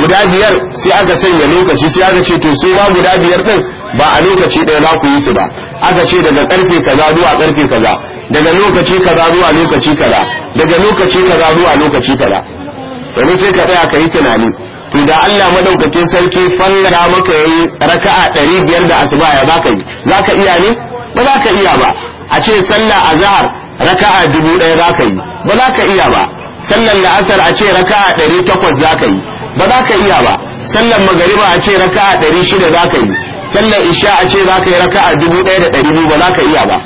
guda biyar sai aka sanya lokaci sai aka ce to su ma guda biyar din ba a lokaci ɗaya za ku yi su ba aka ce daga karfe kaza zuwa karfe kaza daga lokaci kaza zuwa lokaci kaza daga lokaci kaza zuwa lokaci kaza domin sai ka tsaya ka yi tunani to da Allah madaukakin sarki farra maka yayi raka'a 500 da asuba ya ka yi zaka iya ne ba za ka iya ba a ce sallah azhar raka'a 1000 zaka yi ba za ka iya ba sallan asar a ce raka'a 800 zaka yi ba za ka iya ba sallan magariba a ce raka'a 600 zaka yi sallan isha a ce zaka yi raka'a 1200 ba za ka iya ba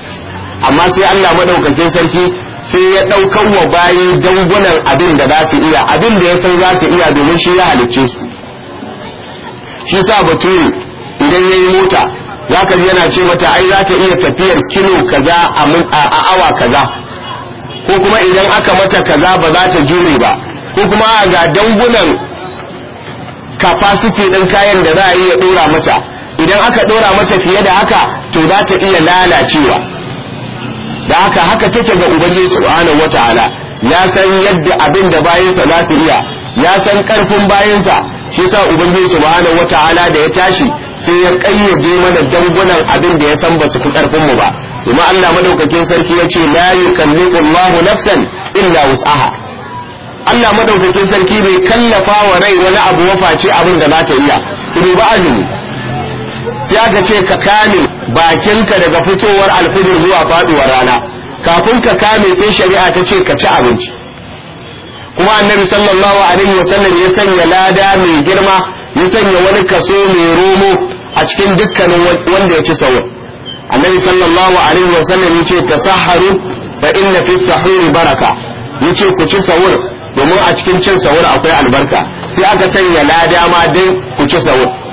amma sai Allah madaukakin sarki sai ya ɗaukar wa bayi dangunan abin da za su iya abin da ya san za su iya domin shi ya halicce su shi sa bature idan ya yi mota za ka yana ce mata ai za ta iya tafiyar kilo kaza a awa kaza ko kuma idan aka mata kaza ba za ta jure ba ko kuma ga dangunan kafasiti ɗin kayan da za a iya ɗora mata idan aka ɗora mata fiye da haka to za ta iya lalacewa da haka haka take ga ubangiji subhanahu wataala ya san yadda abin da bayansa za su iya ya san karfin bayansa shi yasa ubangiji subhanahu wataala da ya tashi sai ya kayyade mana dangunan abin da ya san ba su fi karfin mu ba kuma Allah madaukakin sarki ya ce la yukallifu Allahu nafsan illa wus'aha Allah madaukakin sarki bai kallafa wa rai wani abu wafaci abin da za ta iya ku ba azumi sai aka ce ka kame bakinka daga fitowar alfijir zuwa faduwar rana kafin ka kame sai shari'a ta ce ka ci abinci kuma annabi sallallahu alaihi wasallam ya sanya lada mai girma ya sanya wani kaso mai romo a cikin dukkanin wanda ya ci sawo annabi sallallahu alaihi wasallam ya ce tasaharu fa inna fi sahuri baraka ya ce ku ci sahur domin a cikin cin sahur akwai albarka sai aka sanya lada ma dai ku ci sawur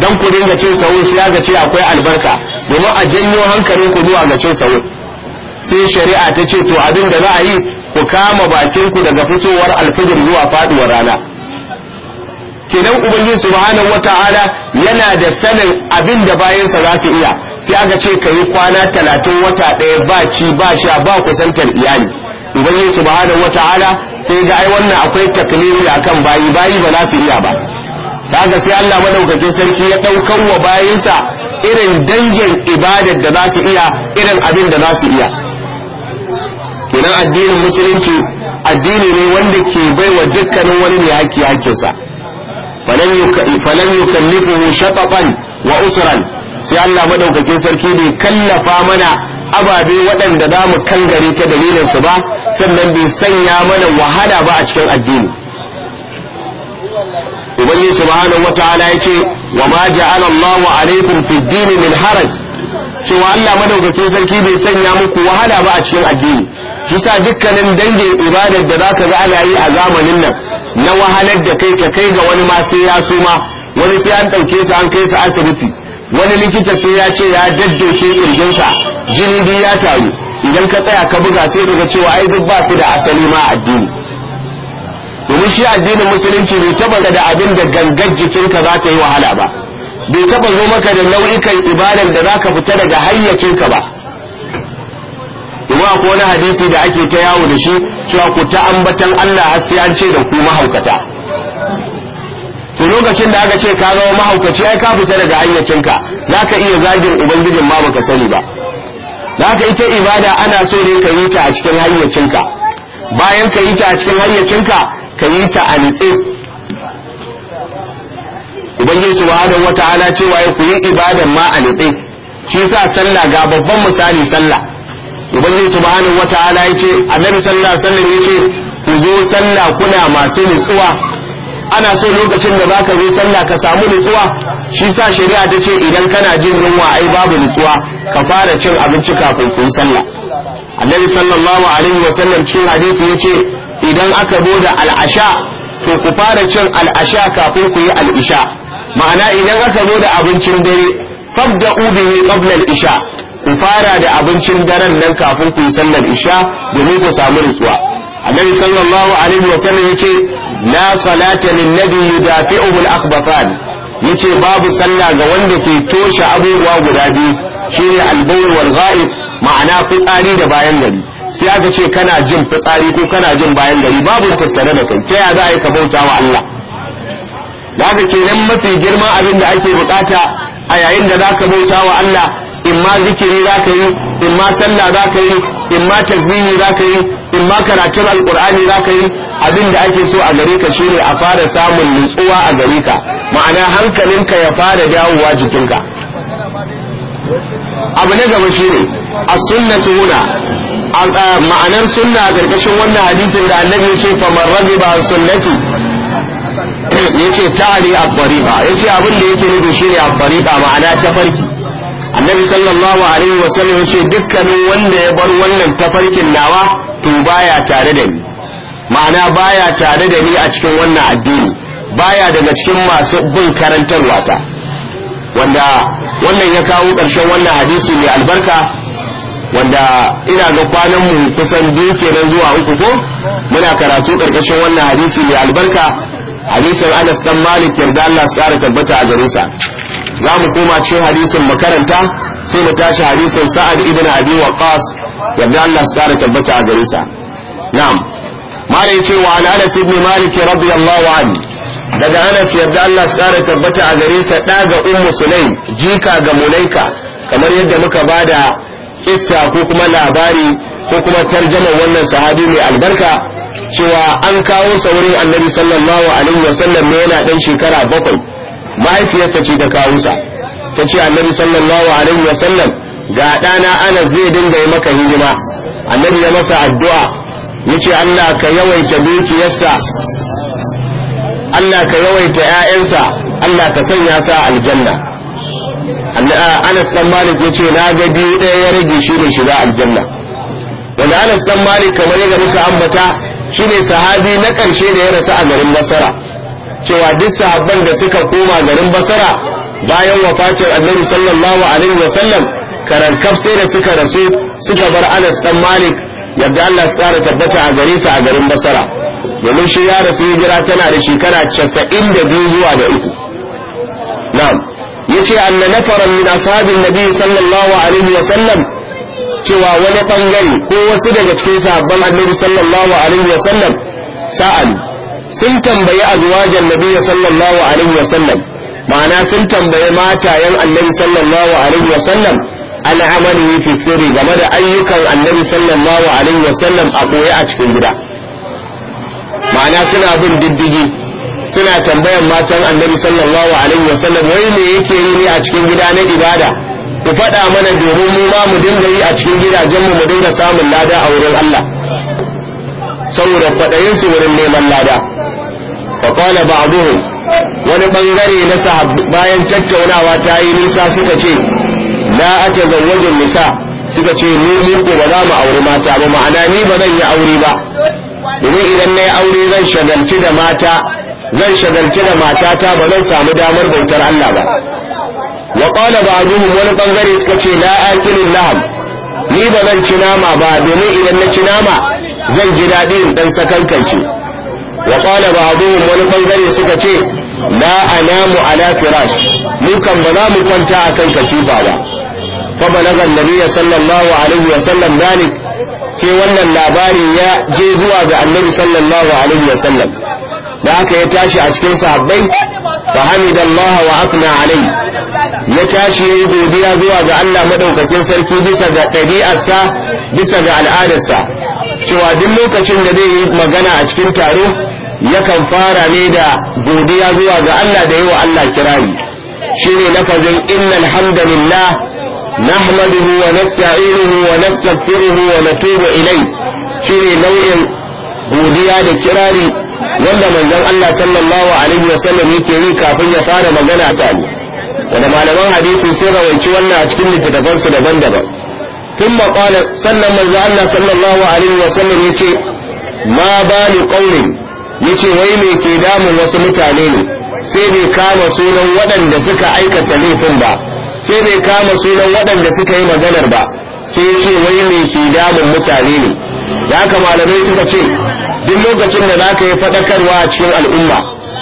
don ku dinga cin sahur sai ga ce akwai albarka domin a janyo hankalin ku zuwa ga cin sahur sai shari'a ta ce to abin da za a yi ku kama bakin ku daga fitowar alfijir zuwa faduwar rana kenan ubangiji subhanahu wataala yana da sanin abin da bayansa za su iya sai aka ce ka yi kwana talatin wata ɗaya ba ci ba sha ba kusantar iyali ubangiji subhanahu wataala sai ga ai wannan akwai taklili akan bayi bayi ba za su iya ba kaga sai Allah madaukakin sarki ya daukan wa bayinsa irin dangin ibadar da za su iya irin abin da za su iya kenan addinin musulunci addini ne wanda ke baiwa dukkanin wani mai haƙƙi haƙƙinsa falan yukallifu shatatan wa usran sai Allah madaukakin sarki bai kallafa mana ababe waɗanda za mu kangare ta dalilin su ba sannan bai sanya mana wahala ba a cikin addini ubangiji subhanahu wataala yace wa ma ja'ala Allahu alaikum fi dini min haraj cewa Allah madaukakin sarki bai sanya muku wahala ba a cikin addini sa dukkanin dangin ibadar da zaka ga ana yi a zamanin nan na wahalar da kai ka kai ga wani ma sai ya suma wani sai an ɗauke su an kai sa asibiti wani likita sai ya ce ya daddauke kirjinsa jini ya taru idan ka tsaya ka buga sai ka ga cewa ai duk ba su da asali ma addini domin shi addinin musulunci bai taba da abin da gangar jikinka za ta yi wahala ba bai taba zo maka da nau'ikan ibadar da zaka fita daga hayyacinka ba kuma akwai wani hadisi da ake ta yawo da shi cewa ku ta ambatan Allah har sai an ce da ku mahaukata to lokacin da aka ce ka zama mahaukaci ai ka fita daga hayyacinka zaka iya zagin ubangijin ma baka sani ba zaka ita ibada ana so ne ka yi ta a cikin hayyacinka bayan ka yi ta a cikin hayyacinka ka yi ta a nitse ubangiji subhanahu wataala cewa ya ku yi ibadan ma a shi sa sallah ga babban misali sallah ubangiji subhanahu wataala ya ce annabi sallallahu alaihi wasallam ya ce ku zo sallah kuna masu nutsuwa ana so lokacin da zaka zo sallah ka samu nutsuwa shi sa shari'a ta ce idan kana jin yunwa ai babu nutsuwa ka fara cin abinci kafin kun sallah annabi sallallahu alaihi wasallam cikin hadisi ya ce idan aka zo da al'asha to ku fara cin al'asha kafin ku yi al'isha ma'ana idan aka zo da abincin dare fabda ubihi qabla isha ku fara da abincin daren nan kafin ku yi sallar isha domin ku samu nutsuwa annabi sallallahu alaihi wasallam yace la salata lin nabi yudafi'uhu al yace babu sallah ga wanda ke toshe abubuwa guda biyu shine al-bawl wal ma'ana fitsari da bayan gari sai aka ce kana jin fitsari ko kana jin bayan gari babu tattare da kai ta ya za a yi ka bauta wa Allah da kenan mafi girman abin da ake bukata a yayin da za ka bauta wa Allah in ma zikiri za ka yi in ma sallah za ka yi in ma tasbihi za ka yi in ma karatun alkur'ani za ka yi abin da ake so a gare ka shine a fara samun nutsuwa a gare ka ma'ana hankalinka ya fara dawowa jikinka abu na gaba shine as-sunnatu huna Eh, ma'anar sunna a karkashin wannan hadisin da annabi yake famar rabi ba sunnati yace tare a Ya yace abin da yake nufi shine a tariqa ma'ana ta farki annabi sallallahu alaihi wa sallam yace dukkanin wanda ya bar wannan ta farkin nawa to baya tare da ni ma'ana baya tare da ni a cikin wannan addini baya daga cikin masu bin karantarwa ta wanda wannan ya kawo ƙarshen wannan hadisi mai albarka wanda ina ga kwanan mu kusan biyu kenan zuwa uku ko muna karatu karkashin wannan hadisi mai albarka hadisin Anas dan Malik yarda Allah ya tsara tabbata a gare sa za mu koma cikin hadisin makaranta sai mu tashi hadisin Sa'ad ibn Abi Waqqas yarda Allah ya tsara tabbata a gare sa na'am mare yace wa Anas ibn Malik radiyallahu anhu daga Anas yarda Allah ya tsara tabbata a gare sa da Ummu Sulaim jika ga Mulaika kamar yadda muka bada kissa ko kuma labari ko kuma tarjamar wannan sahabi mai albarka cewa an kawo sa wurin annabi sallallahu alaihi wasallam ne yana dan shekara bakwai mahaifiyarsa ce ta kawo sa ta ce annabi sallallahu alaihi wasallam ga ɗana ana zai dinga yi maka hidima annabi ya masa addu'a yace Allah ka yawaita dukiyarsa Allah ka yawaita 'ya'yansa Allah ka sanya sa aljanna Ah, anas dan malik ya ce na ga biyu ɗaya ya rage shi ne shiga aljanna wanda anas dan malik kamar yadda muka ambata shi ne sahabi na ƙarshe da ya rasu a garin basara cewa duk sahabban da suka koma garin basara bayan wafatin annabi sallallahu alaihi wa sallam karankaf sai da suka rasu suka bar anas dan malik yadda Allah su kara tabbata a gare sa a garin basara domin shi ya rasu hijira tana da shekara casa'in da biyu zuwa da uku na'am yace anna nafaran min ashabin nabi sallallahu alaihi wa sallam cewa wani bangare ko wasu daga cikin sahabban annabi sallallahu alaihi wa sallam sa'al sun tambayi azwajan nabi sallallahu alaihi wa sallam ma'ana sun tambayi matayen annabi sallallahu alaihi wa sallam an amalihi fi sirri game da ayyukan annabi sallallahu alaihi wa sallam a koyi a cikin gida ma'ana suna bin diddigi suna tambayan matan annabi sallallahu alaihi wasallam wai me yake yi ne a cikin gida na ibada ku faɗa mana domin mu ma mu dinga yi a cikin gidajen mu mu dinga samun lada a wurin Allah saboda kwaɗayin su wurin neman lada fa qala wani bangare na sahabbai bayan tattaunawa ta yi nisa suka ce la atazawwaju nisa suka ce mu ko ba za mu aure mata ba ma'ana ni ba zan yi aure ba domin idan na yi aure zan shagalci da mata zan shagalci da matata ba zan samu damar bautar Allah ba wa qala ba'dhum wani bangare suka ce la akilul lahm ni ba zan ci nama ba domin idan na ci nama zan ji daɗi in dan sakankance wa qala ba'dhum wani bangare suka ce la anamu ala firash mu kan ba za mu kwanta akan katifa ba fa balaga annabi sallallahu alaihi wa sallam dalik sai wannan labari ya je zuwa ga annabi sallallahu alaihi wa sallam da haka ya tashi a cikin sahabbai fa hamidallah wa afna alai ya tashi yayi godiya zuwa ga Allah madaukakin sarki bisa ga ɗabi'arsa bisa ga al'adarsa cewa duk lokacin da zai yi magana a cikin taro yakan fara ne da godiya zuwa ga Allah da yawa Allah kirari shine lafazin innal hamdalillah nahmaduhu wa nasta'inuhu wa nastaghfiruhu wa natubu ilayh shine nau'in godiya da kirari wanda manzon Allah sallallahu alaihi wa sallam yake yi kafin ya fara magana ta ni wanda malaman hadisi sai rawaici wannan a cikin littattafan su daban-daban tun maƙwalar sannan manzon Allah sallallahu alaihi wa sallam yake ma ba ni ƙaunin yace wai me ke damun wasu mutane ne sai bai kama sunan waɗanda suka aikata laifin ba sai bai kama sunan waɗanda suka yi maganar ba sai yace wai me ke damun mutane ne da haka malamai suka ce duk lokacin da za ka yi faɗakarwa a cikin al'umma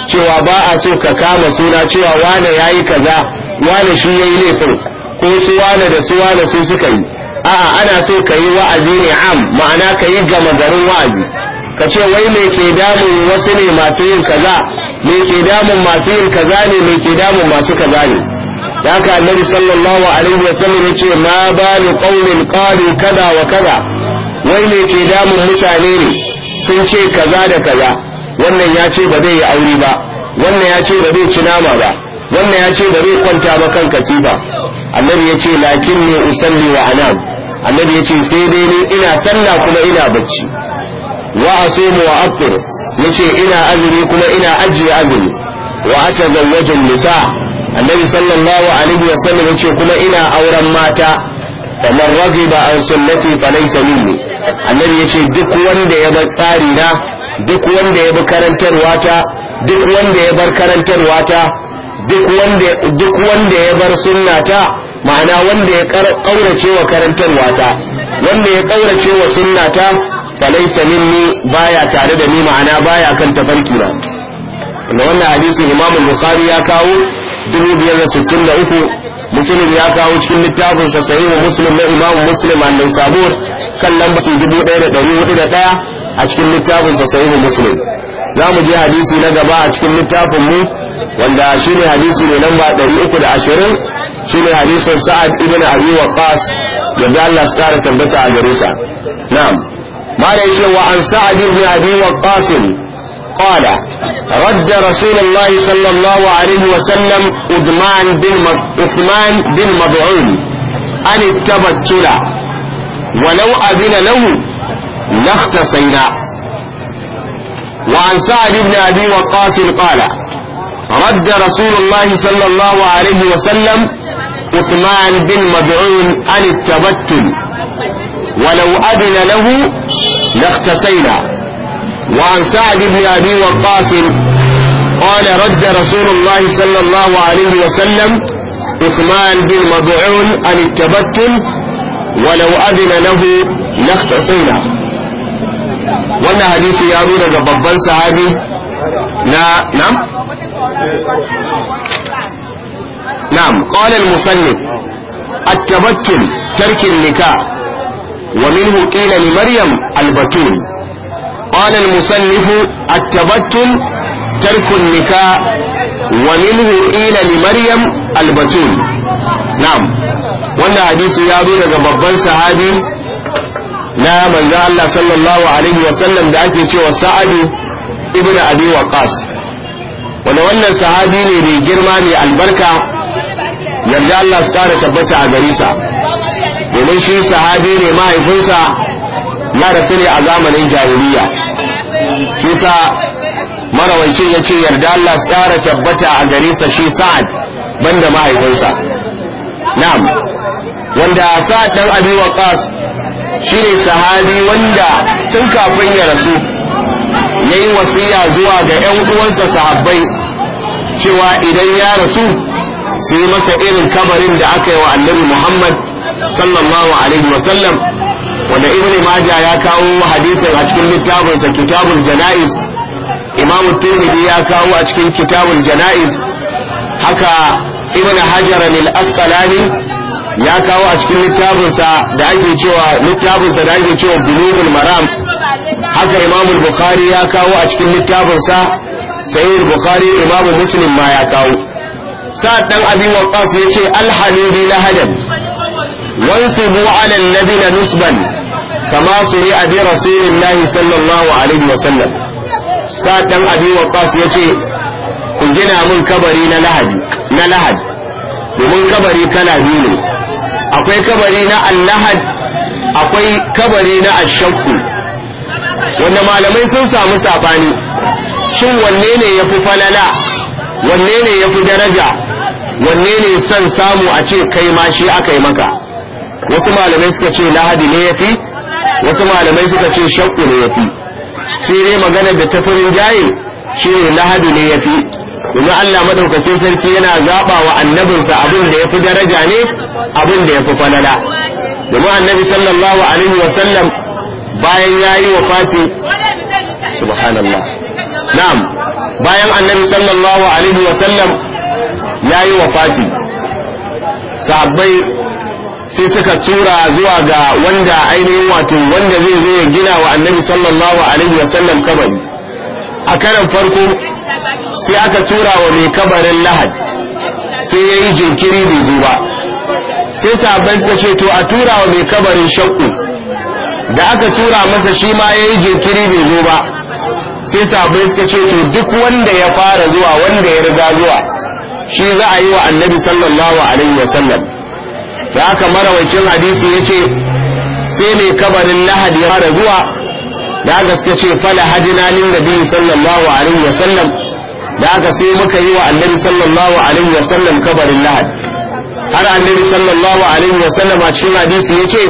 cewa ba a so ka kama suna cewa wane ya yi kaza wane shi ya yi laifin ko su wane da su wane su suka yi a'a ana so ka yi wa'azi ne am ma'ana ka yi gama garin wa'azi ka ce wai me ke damun wasu ne masu yin kaza me ke damun masu yin kaza ne me ke damun masu kaza ne da haka annabi sallallahu alaihi wasallam ya ce ma balu qaumin qalu kada wa kada. wai me ke damun mutane ne sun ce kaza da kaza wannan ya ce ba zai yi aure ba wannan ya ce ba zai ci nama ba wannan ya ce ba zai kwanta ba kan katifa annabi ya ce lakin ne usalli wa anam annabi ya ce sai dai ni ina sallah kuma ina bacci wa asumu wa ya ce ina azumi kuma ina ajiye azumi wa atazawwaju nisa annabi sallallahu alaihi wasallam ce kuma ina auren mata kamar ragiba an sunnati falaysa minni annabi yace duk wanda ya bar tsari na duk wanda ya bi karantarwa ta duk wanda ya bar karantarwa ta duk wanda duk wanda ya bar sunna ta ma'ana wanda ya kaurace wa karantarwa ta wanda ya kaurace wa sunna ta falaysa minni baya tare da ni ma'ana baya kan tafarki na da wannan hadisi Imam Bukhari ya kawo 2563 Muslim ya kawo cikin littafin sa Sahih Muslim na Imam Muslim an kan lambasu dubu ɗaya da ɗari hudu da ɗaya a cikin littafin sa sahihu muslim za mu je hadisi na gaba a cikin littafin mu wanda ne hadisi ne lamba ɗari uku da ashirin ne hadisin sa'ad ibn abi waqas yadda Allah su kara tabbata a gare sa na'am mala yake wa an sa'ad ibn abi waqas قال رد رسول الله صلى الله عليه وسلم عثمان بن عثمان بن مضعون عن التبتل ولو أذن له لاختصينا وعن سعد بن أبي وقاص قال رد رسول الله صلى الله عليه وسلم عثمان بن مدعون عن التبتل ولو أذن له لاختصينا وعن سعد بن أبي وقاص قال رد رسول الله صلى الله عليه وسلم عثمان بن مدعون عن التبتل walau adina lahu laqtasina wannan hadisi ya zo daga babban sahabi na nam nam qala al-musannif at-tabattul tark nikah ومنه قيل لمريم البتول na'am wannan hadisi ya zo daga babban sahabi na manzo Allah sallallahu alaihi wa sallam da ake cewa Sa'adu ibn Abi wane wanda wannan sahabi ne mai girma mai albarka yarda Allah suka kara tabbata a gare sa domin shi sahabi ne mahaifinsa ya rasu ne a zamanin jahiliya shi sa marawancin ya ce yarda Allah suka kara tabbata a gare sa shi Sa'ad banda mahaifinsa na'am wanda sa'ad dan abi waqas shine sahabi wanda tun kafin ya rasu yayi wasiya zuwa ga ƴan uwansa sahabbai cewa idan ya rasu sai masa irin kabarin da aka yi wa annabi Muhammad sallallahu alaihi wa sallam wanda ibn majah ya kawo hadisin a cikin littafinsa kitabul janaiz imam tirmidhi ya kawo a cikin kitabul janaiz haka ibn hajar al-asqalani ya kawo a cikin littafinsa da ake cewa littafinsa da ake cewa bulugul maram haka imam al bukhari ya kawo a cikin littafinsa sahih bukhari imam muslim ma ya kawo sa'ad dan abi waqas yace alhamidi lahadan wansibu ala alladhina nusban kama suri abi rasulillahi sallallahu alaihi wasallam sa'ad dan abi waqas yace ku gina mun kabari na lahadi na Lahadi domin kabari kala biyu ne akwai kabari na allahad akwai kabari na ashakku wanda malamai sun samu sabani shin wanne ne ya fi falala wanne ne ya fi daraja wanne ne son samu a ce kai ma shi aka yi maka wasu malamai suka ce lahadi ne ya fi wasu malamai suka ce shakku ne ya fi sai dai magana da tafirin jaye shi ne lahadi ne ya fi domin Allah madaukakin sarki yana zaba wa annabinsa abin da yafi daraja ne abin da yafi falala domin annabi sallallahu alaihi wa sallam bayan yayi wafati subhanallah na'am bayan annabi sallallahu alaihi wa sallam yayi wafati sahabbai sai suka tura zuwa ga wanda ainihin wato wanda zai zo ya gina wa annabi sallallahu alaihi wa sallam kabari a karan farko sai aka tura wa mai kabarin lahad sai ya yi jinkiri bai zo ba sai sahabbai suka ce to a tura wa mai kabarin shakku da aka tura masa shi ma ya yi jinkiri bai zo ba sai sahabbai suka ce to duk wanda ya fara zuwa wanda ya riga zuwa shi za a yi wa annabi sallallahu alaihi wasallam da aka marawacin hadisi ya ce sai mai kabarin lahad ya fara zuwa da gaske ce fala hajina lin nabi sallallahu alaihi wa sallam da aka sai muka yi wa annabi sallallahu alaihi wa sallam kabarin lahad har annabi sallallahu alaihi wa sallam a cikin hadisi yace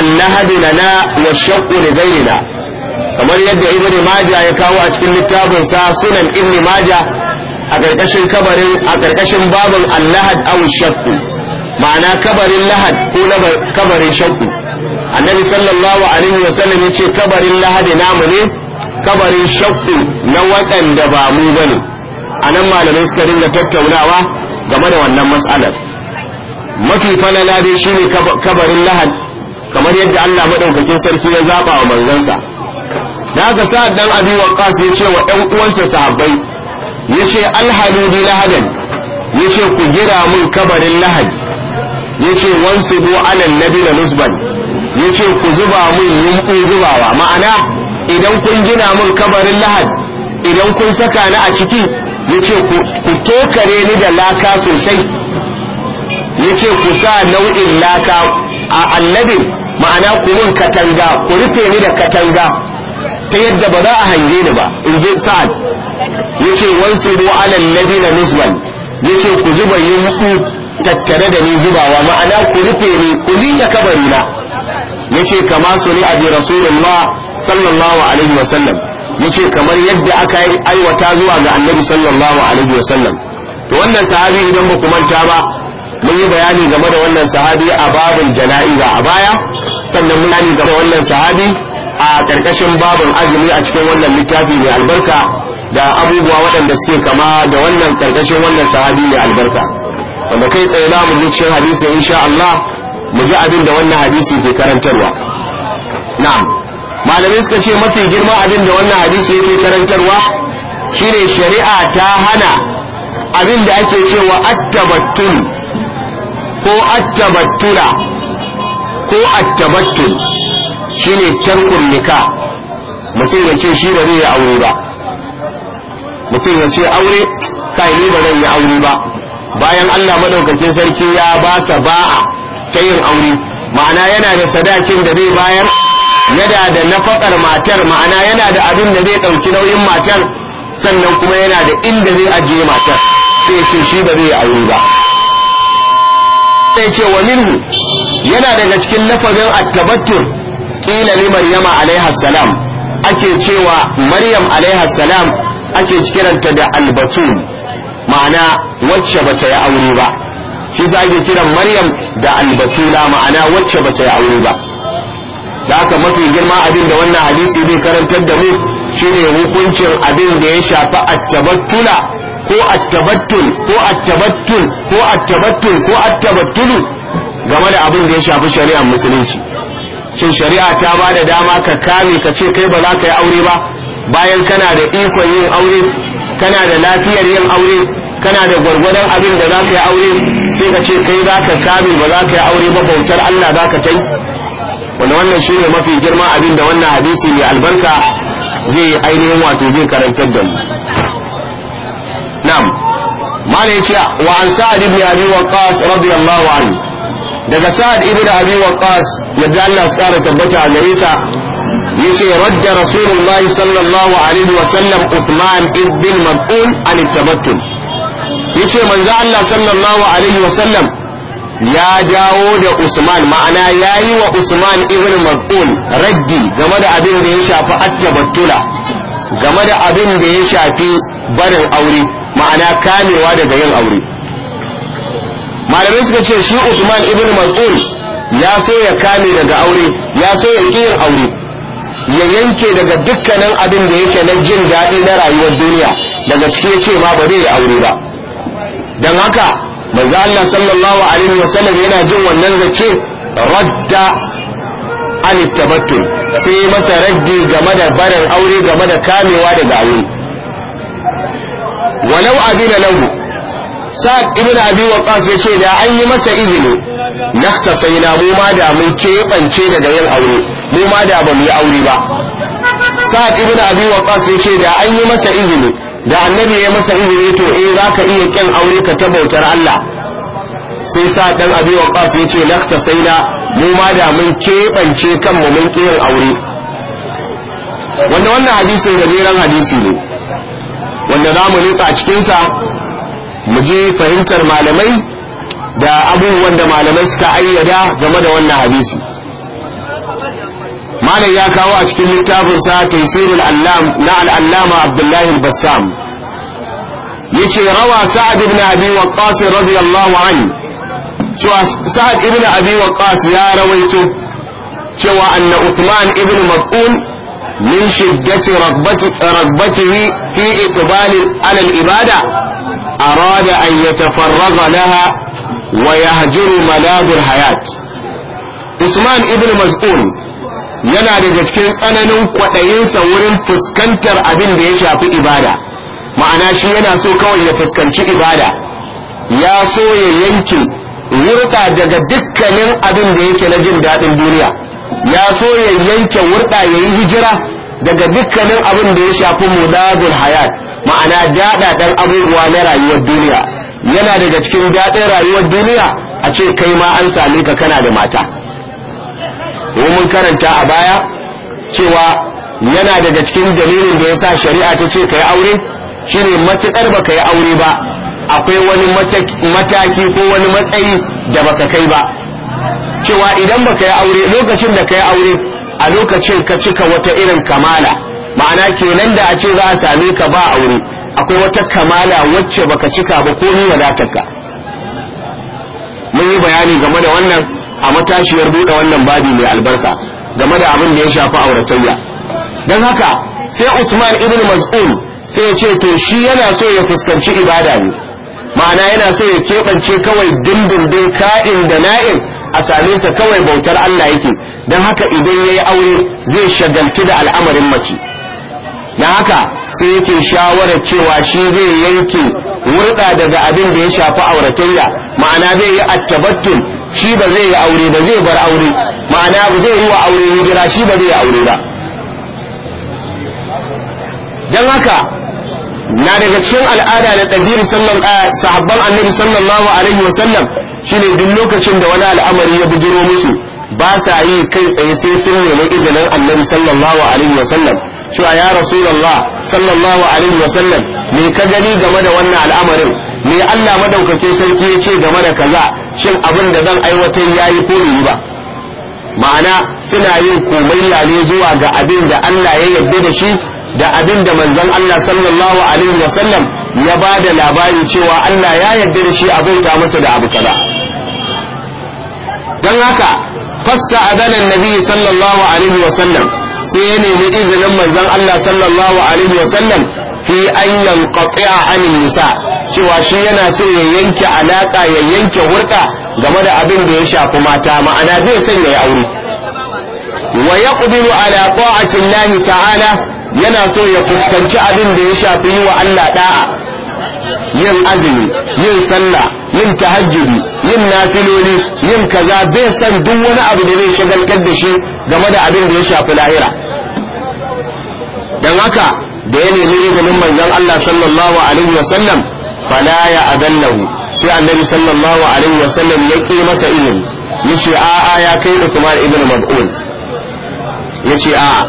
allahadu lana wa shaqqu li ghayrina kamar yadda ibnu majah ya kawo a cikin littafin sa sunan ibnu majah a karkashin kabarin a karkashin babin allahad aw shaqqu ma'ana kabarin lahad ko kabarin shaqqu annabi sallallahu alaihi wasallam ya ce kabarin lahadi namu ne kabarin shakku na waɗanda ba mu bane anan nan malamai suka dinga tattaunawa game da wannan matsalar mafi falala dai shine kabarin lahad kamar yadda Allah madaukakin sarki ya zaba wa manzansa da haka sa'ad dan abi waqas ya ce wa ɗan uwansa sahabbai ya ce alhalu bi lahadan ya ce ku gira mun kabarin lahad ya ce wansu bu alal nabi da nusban yace ku zuba mun yumɓun zubawa ma'ana idan kun gina mun kabarin lahad idan kun saka ni a ciki ya ce ku tokare ni da laka sosai ya ku sa nau'in laka a allabin ma'ana ku mun katanga ku rufe ni da katanga ta yadda ba za a hange ni ba in ji sa'ad yace ce ru alal ladina nusban ya ku zuba yumɓu tattare da ni zubawa ma'ana ku rufe ni ku kabari kabarina yace kama suni bi rasulullah sallallahu alaihi wasallam yace kamar yadda aka aiwata zuwa ga annabi sallallahu alaihi wasallam to wannan sahabi idan ba ku manta ba mun yi bayani game da wannan sahabi a babin jana'iza a baya sannan mun yi game da wannan sahabi a karkashin babin azumi a cikin wannan littafi mai albarka da abubuwa waɗanda suke kama da wannan karkashin wannan sahabi mai albarka wanda kai tsaye za mu ji cikin hadisi insha Allah mu ji abin da wannan hadisi ke karantarwa na'am malamai suka ce mafi girma abin da wannan hadisi yake karantarwa shine shari'a ta hana abin da ake cewa attabattul ko attabattula ko attabattul shine tarkun nika mutum ya ce shi ba zai yi aure ba mutum ya ce aure kai ni ba zan yi aure ba bayan Allah madaukakin sarki ya ba sa ba'a ta yin aure ma'ana yana da sadakin da zai bayar yana da nafakar matar ma'ana yana da abin da zai ɗauki nauyin matar sannan kuma yana da inda zai ajiye matar sai ce shi ba zai aure ba sai ce wa minhu yana daga cikin lafazin attabattur qila li maryama alaiha salam ake cewa maryam alaiha salam ake kiranta da albatul ma'ana wacce bata yi aure ba shi za ake kiran maryam da albatula ma'ana wacce ba ta yi aure ba da haka mafi girma abin da wannan hadisi zai karantar da mu shine hukuncin abin da ya shafi attabattula ko attabattul ko attabattul ko attabattul ko attabattulu game da abin da ya shafi shari'ar musulunci shin shari'a ta ba da dama ka kame ka ce kai ba za ka yi aure ba bayan kana da ikon yin aure kana da lafiyar yin aure kana da gwargwadon abin da za ka yi aure sai ka ce kai za ka kame ba za ka yi aure ba bautar Allah za ka tai wanda wannan shi ne mafi girma abin da wannan hadisi mai albarka zai ainihin wato zai karantar da mu na'am mala yace wa an sa'ad ibn abi waqas radiyallahu anhu daga sa'ad ibn abi waqas yadda Allah ya kara tabbata a gare sa yace radda rasulullahi sallallahu alaihi wa sallam Uthman ibn Madun an tabattul yace manzo Allah sallallahu alaihi wasallam ya dawo da Usman ma'ana yayi wa Usman ibn Maz'un raddi game da abin da ya shafi at-tabattula game da abin da ya shafi barin aure ma'ana kamewa daga yin aure malamai suka ce shi Usman ibn Maz'un ya so ya kame daga aure ya so ya ki yin aure ya yanke daga dukkanin abin da yake na jin daɗi na rayuwar duniya daga cikin ya ce ma ba zai yi aure ba dan haka manzo Allah sallallahu alaihi wasallam yana jin wannan zace radda an tabattul sai masa raddi game da barin aure game da kamewa daga aure walau adina lahu sa'ad ibn abi waqas yace da an yi masa izini naktasaina mu ma da mun keɓance daga yin aure mu ma da ba mu yi aure ba sa'ad ibn abi waqas yace da an yi masa izini da annabi ya masa izini to eh za ka iya kyan aure ka ta bautar Allah sai sa dan abi waqas ya ce lakta saida mu ma da mun keɓance kanmu mun kiyan aure wanda wannan hadisi hadisin gajeren hadisi ne wanda za mu nitsa sa cikinsa mu je fahimtar malamai da abubuwan da malamai suka ayyada game da wannan hadisi malam ya kawo a cikin littafin sa taysirul allam na al-allama abdullahi al-bassam yace rawa sa'ad ibn abi waqqas radiyallahu anhu cewa sa'ad ibn abi waqqas ya rawaito cewa anna uthman ibn mab'un min shiddati ragbati ragbatihi fi iqbal ala al-ibada arada an yatafarraga laha wa yahjuru malad hayat Usman ibn Mas'ud yana daga cikin tsananin kwaɗayinsa wurin fuskantar abin da ya shafi ibada ma'ana shi yana so kawai ya fuskanci ibada ya so ya yanke wurɗa daga dukkanin abin da yake na jin daɗin duniya ya so ya yanke wurɗa ya yi hijira daga dukkanin abin da ya shafi mudadul hayat ma'ana daɗaɗen abubuwa na rayuwar duniya yana daga cikin daɗin rayuwar duniya a ce kai ma an same ka kana da mata domin mun karanta a baya cewa yana daga cikin dalilin da ya sa shari'a ta ce yi aure Shi shine matukar baka yi aure ba akwai wani mataki ko wani matsayi da baka kai ba cewa idan baka yi aure lokacin da kai aure a lokacin ka cika wata irin kamala ma'ana kenan da a ce za a same ka ba aure akwai wata kamala wacce baka cika ba komi wadatarka mun yi bayani game da wannan a matashiyar buɗe wannan babi mai albarka game da abin da ya shafi auratayya don haka sai usman ibn mas'ud sai ya ce to shi yana so ya fuskanci ibada ne ma'ana yana so ya keɓance kawai dindindin ka'in da na'in a same sa kawai bautar Allah yake don haka idan ya yi aure zai shagalti da al'amarin mace na haka sai yake shawarar cewa shi zai yanke wurɗa daga abin da ya shafi auratayya ma'ana zai yi attabattun shi ba zai yi aure ba zai bar aure ma'ana zai yi wa aure hijira shi ba zai yi aure ba don haka na daga cikin al'ada da takdir sahabban annabi sallallahu alaihi wa sallam shine duk lokacin da wani al'amari ya bujiro musu ba sa yi kai tsaye sai sun nemi izinin annabi sallallahu alaihi wa sallam cewa ya rasulullah sallallahu alaihi wa sallam me ka gani game da wannan al'amarin me Allah madaukake sarki ya ce game da kaza shin abin da zan aiwatar yi ko yi ba ma'ana suna yin komayya ne zuwa ga abin da Allah ya yarda da shi da abin da manzon Allah sallallahu alaihi wasallam ya ba da labari cewa Allah ya yarda da shi abin da masa da abu kaza dan haka fasta adana nabi sallallahu alaihi wasallam sai ya nemi izinin manzon Allah sallallahu alaihi wa sallam fi an yanqati'a anin nisa cewa shi yana so ya yanke alaka ya yanke hurka game da abin da ya shafi mata ma'ana zai sanya ya aure wa yaqbilu ala ta'ati Allah ta'ala yana so ya fuskanci abin da ya shafi wa Allah da'a yin azumi yin sallah yin tahajjudi yin nafiloli yin kaza bai san duk wani abu da zai shagaltar da shi game da abin da ya shafi lahira don haka da ya nemi izinin manzon Allah sallallahu alaihi wa sallam fala ya adallahu sai annabi sallallahu alaihi wa sallam ya ki masa izini yace a a ya kai Uthman ibn Mab'un yace a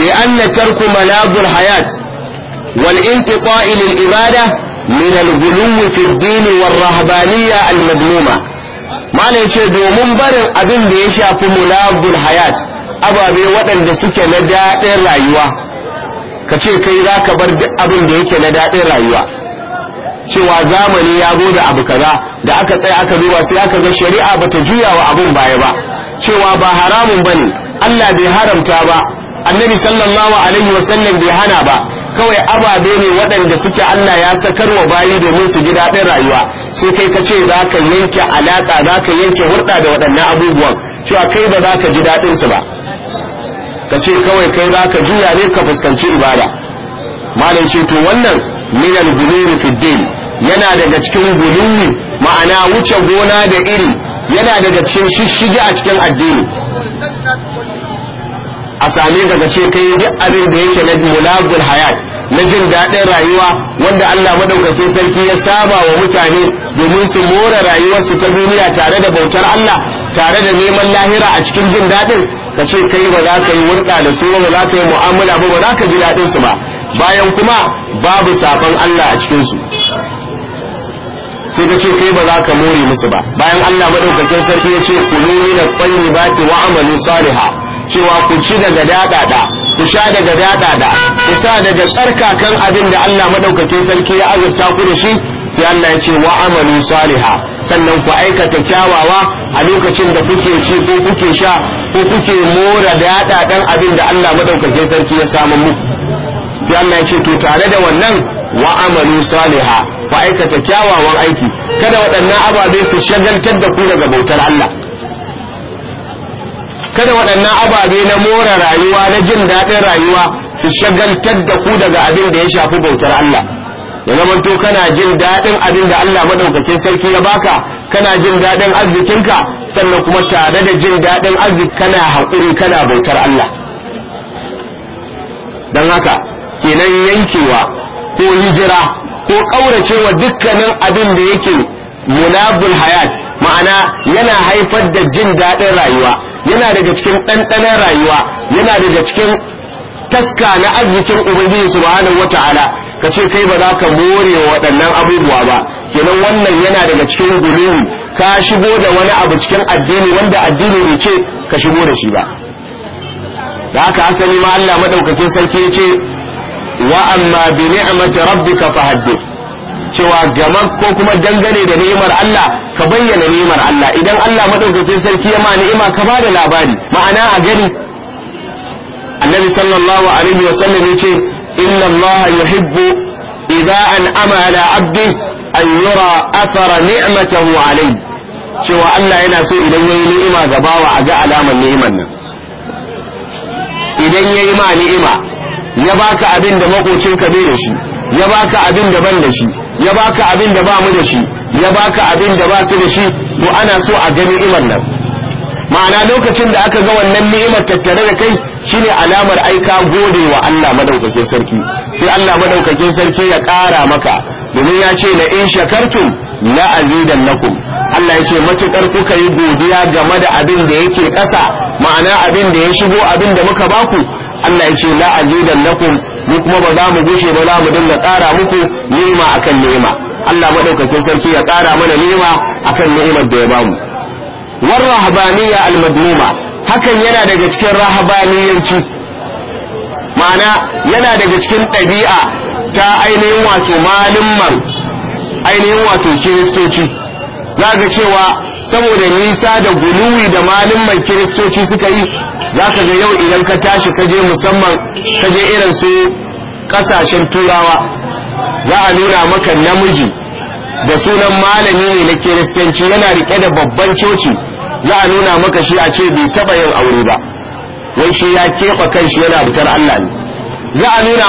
li anna tarku malabul hayat wal intiqa'i lil ibada min al-ghuluw fi ad-din wal rahbaniyya al-madmuma malam ce domin barin abin da ya shafi mulabul hayat ababe waɗanda suke na daɗin rayuwa ka ce kai za ka bar abin da yake na daɗin rayuwa cewa zamani ya zo da abu kaza da aka tsaya aka duba sai aka ga shari'a bata juya wa abin baya ba cewa ba haramun bane Allah bai haramta ba annabi sallallahu alaihi wasallam bai hana ba kawai ababe ne waɗanda suke Allah ya sakarwa bayi domin su ji daɗin rayuwa sai kai ka ce za ka yanke alaƙa za ka yanke hulɗa da waɗannan abubuwan cewa kai ba za ka ji daɗinsu ba ka ce kawai kai za ka juya ne ka fuskanci ibada malam ce to wannan minal gulumi fiddin yana daga cikin gulumi ma'ana wuce gona da iri yana daga cikin shishshige a cikin addini a same ka ce kai duk abin da yake na mulagul hayat na jin daɗin rayuwa wanda Allah madaukakin sarki ya saba wa mutane domin su more rayuwarsu ta duniya tare da bautar Allah tare da neman lahira a cikin jin daɗin ka ce kai ba za ka yi wurɗa da su ba za ka yi mu'amala ba ba za ka ji daɗin su ba bayan kuma babu sabon Allah a cikin su sai ka ce kai ba za ka more musu ba bayan Allah madaukakin sarki ya ce kulu min at qayyibati wa amalu salihah cewa ku ci daga daɗaɗa ku sha daga daɗaɗa ku sa daga tsarkakan abin da Allah maɗaukakin sarki ya azurta ku da shi sai Allah ya ce wa amalu saliha sannan ku aikata kyawawa a lokacin da kuke ci ko kuke sha ko kuke mora dan abin da Allah maɗaukakin sarki ya samu mu sai Allah ya ce to tare da wannan wa amalu saliha ku aikata kyawawan aiki kada waɗannan ababe su shagaltar da ku daga bautar Allah kada waɗannan ababe na more rayuwa na jin daɗin rayuwa su shagaltar da ku daga abin da ya shafi bautar Allah ya zamanto kana jin daɗin abin da Allah madaukakin sarki ya baka kana jin daɗin arzikinka sannan kuma tare da jin daɗin arziki kana haƙuri kana bautar Allah don haka kenan yankewa ko hijira ko ƙauracewa dukkanin abin da yake munabul hayat ma'ana yana haifar da jin daɗin rayuwa yana daga cikin ɗanɗanon rayuwa yana daga cikin taska na arzikin ubangiji subhanahu wata'ala ka ce kai ba za ka more wa waɗannan abubuwa ba kenan wannan yana daga cikin guluwi ka shigo da wani abu cikin addini wanda addini bai ce ka shigo da shi ba da haka asali ma Allah madaukakin sarki ya ce wa amma bi ni'mati rabbika fahaddith cewa gama ko kuma dangane da ni'imar Allah ka bayyana ni'imar Allah idan Allah madaukakin sarki ya ma ni'ima ka ba da labari ma'ana a gani annabi sallallahu alaihi wa sallam yace inna Allah yuhibbu idza an'ama ala 'abdi an yura athara ni'matahu alayhi cewa Allah yana so idan yayi ni'ima ga bawa a ga alamar ni'imar nan idan yayi ma ni'ima ya baka abin da makocinka bai da shi ya baka abin daban da shi ya baka abin da ba mu da shi ya baka abin da ba su da shi to ana so a gani iman nan ma'ana lokacin da aka ga wannan ni'imar tattare da kai shine alamar aika gode wa Allah madaukakin sarki sai Allah madaukakin sarki ya ƙara maka domin ya ce la in shakartum la azidannakum Allah ya ce matukar kuka yi godiya game da abin da yake ƙasa ma'ana abin da ya shigo abin da muka baku Allah ya ce la azidannakum mu kuma ba za mu gushe ba za mu dinga ƙara muku ni'ima akan ni'ima Allah madaukakin sarki ya ƙara mana ni'ima akan ni'imar da ya bamu war rahabaniya al madmuma hakan yana daga cikin rahabaniyanci ma'ana yana daga cikin ɗabi'a ta ainihin wato malumman ainihin wato kiristoci za ga cewa saboda nisa da guluwi da malin kiristoci suka yi za ka ga yau idan ka tashi ka je musamman ka je irin su kasashen turawa za a nuna maka namiji da sunan malami ne na kiristanci yana rike da babban coci za a nuna maka shi a ce bai taba yin aure ba wai shi ya kefa kan shi yana bitar Allah ne za a nuna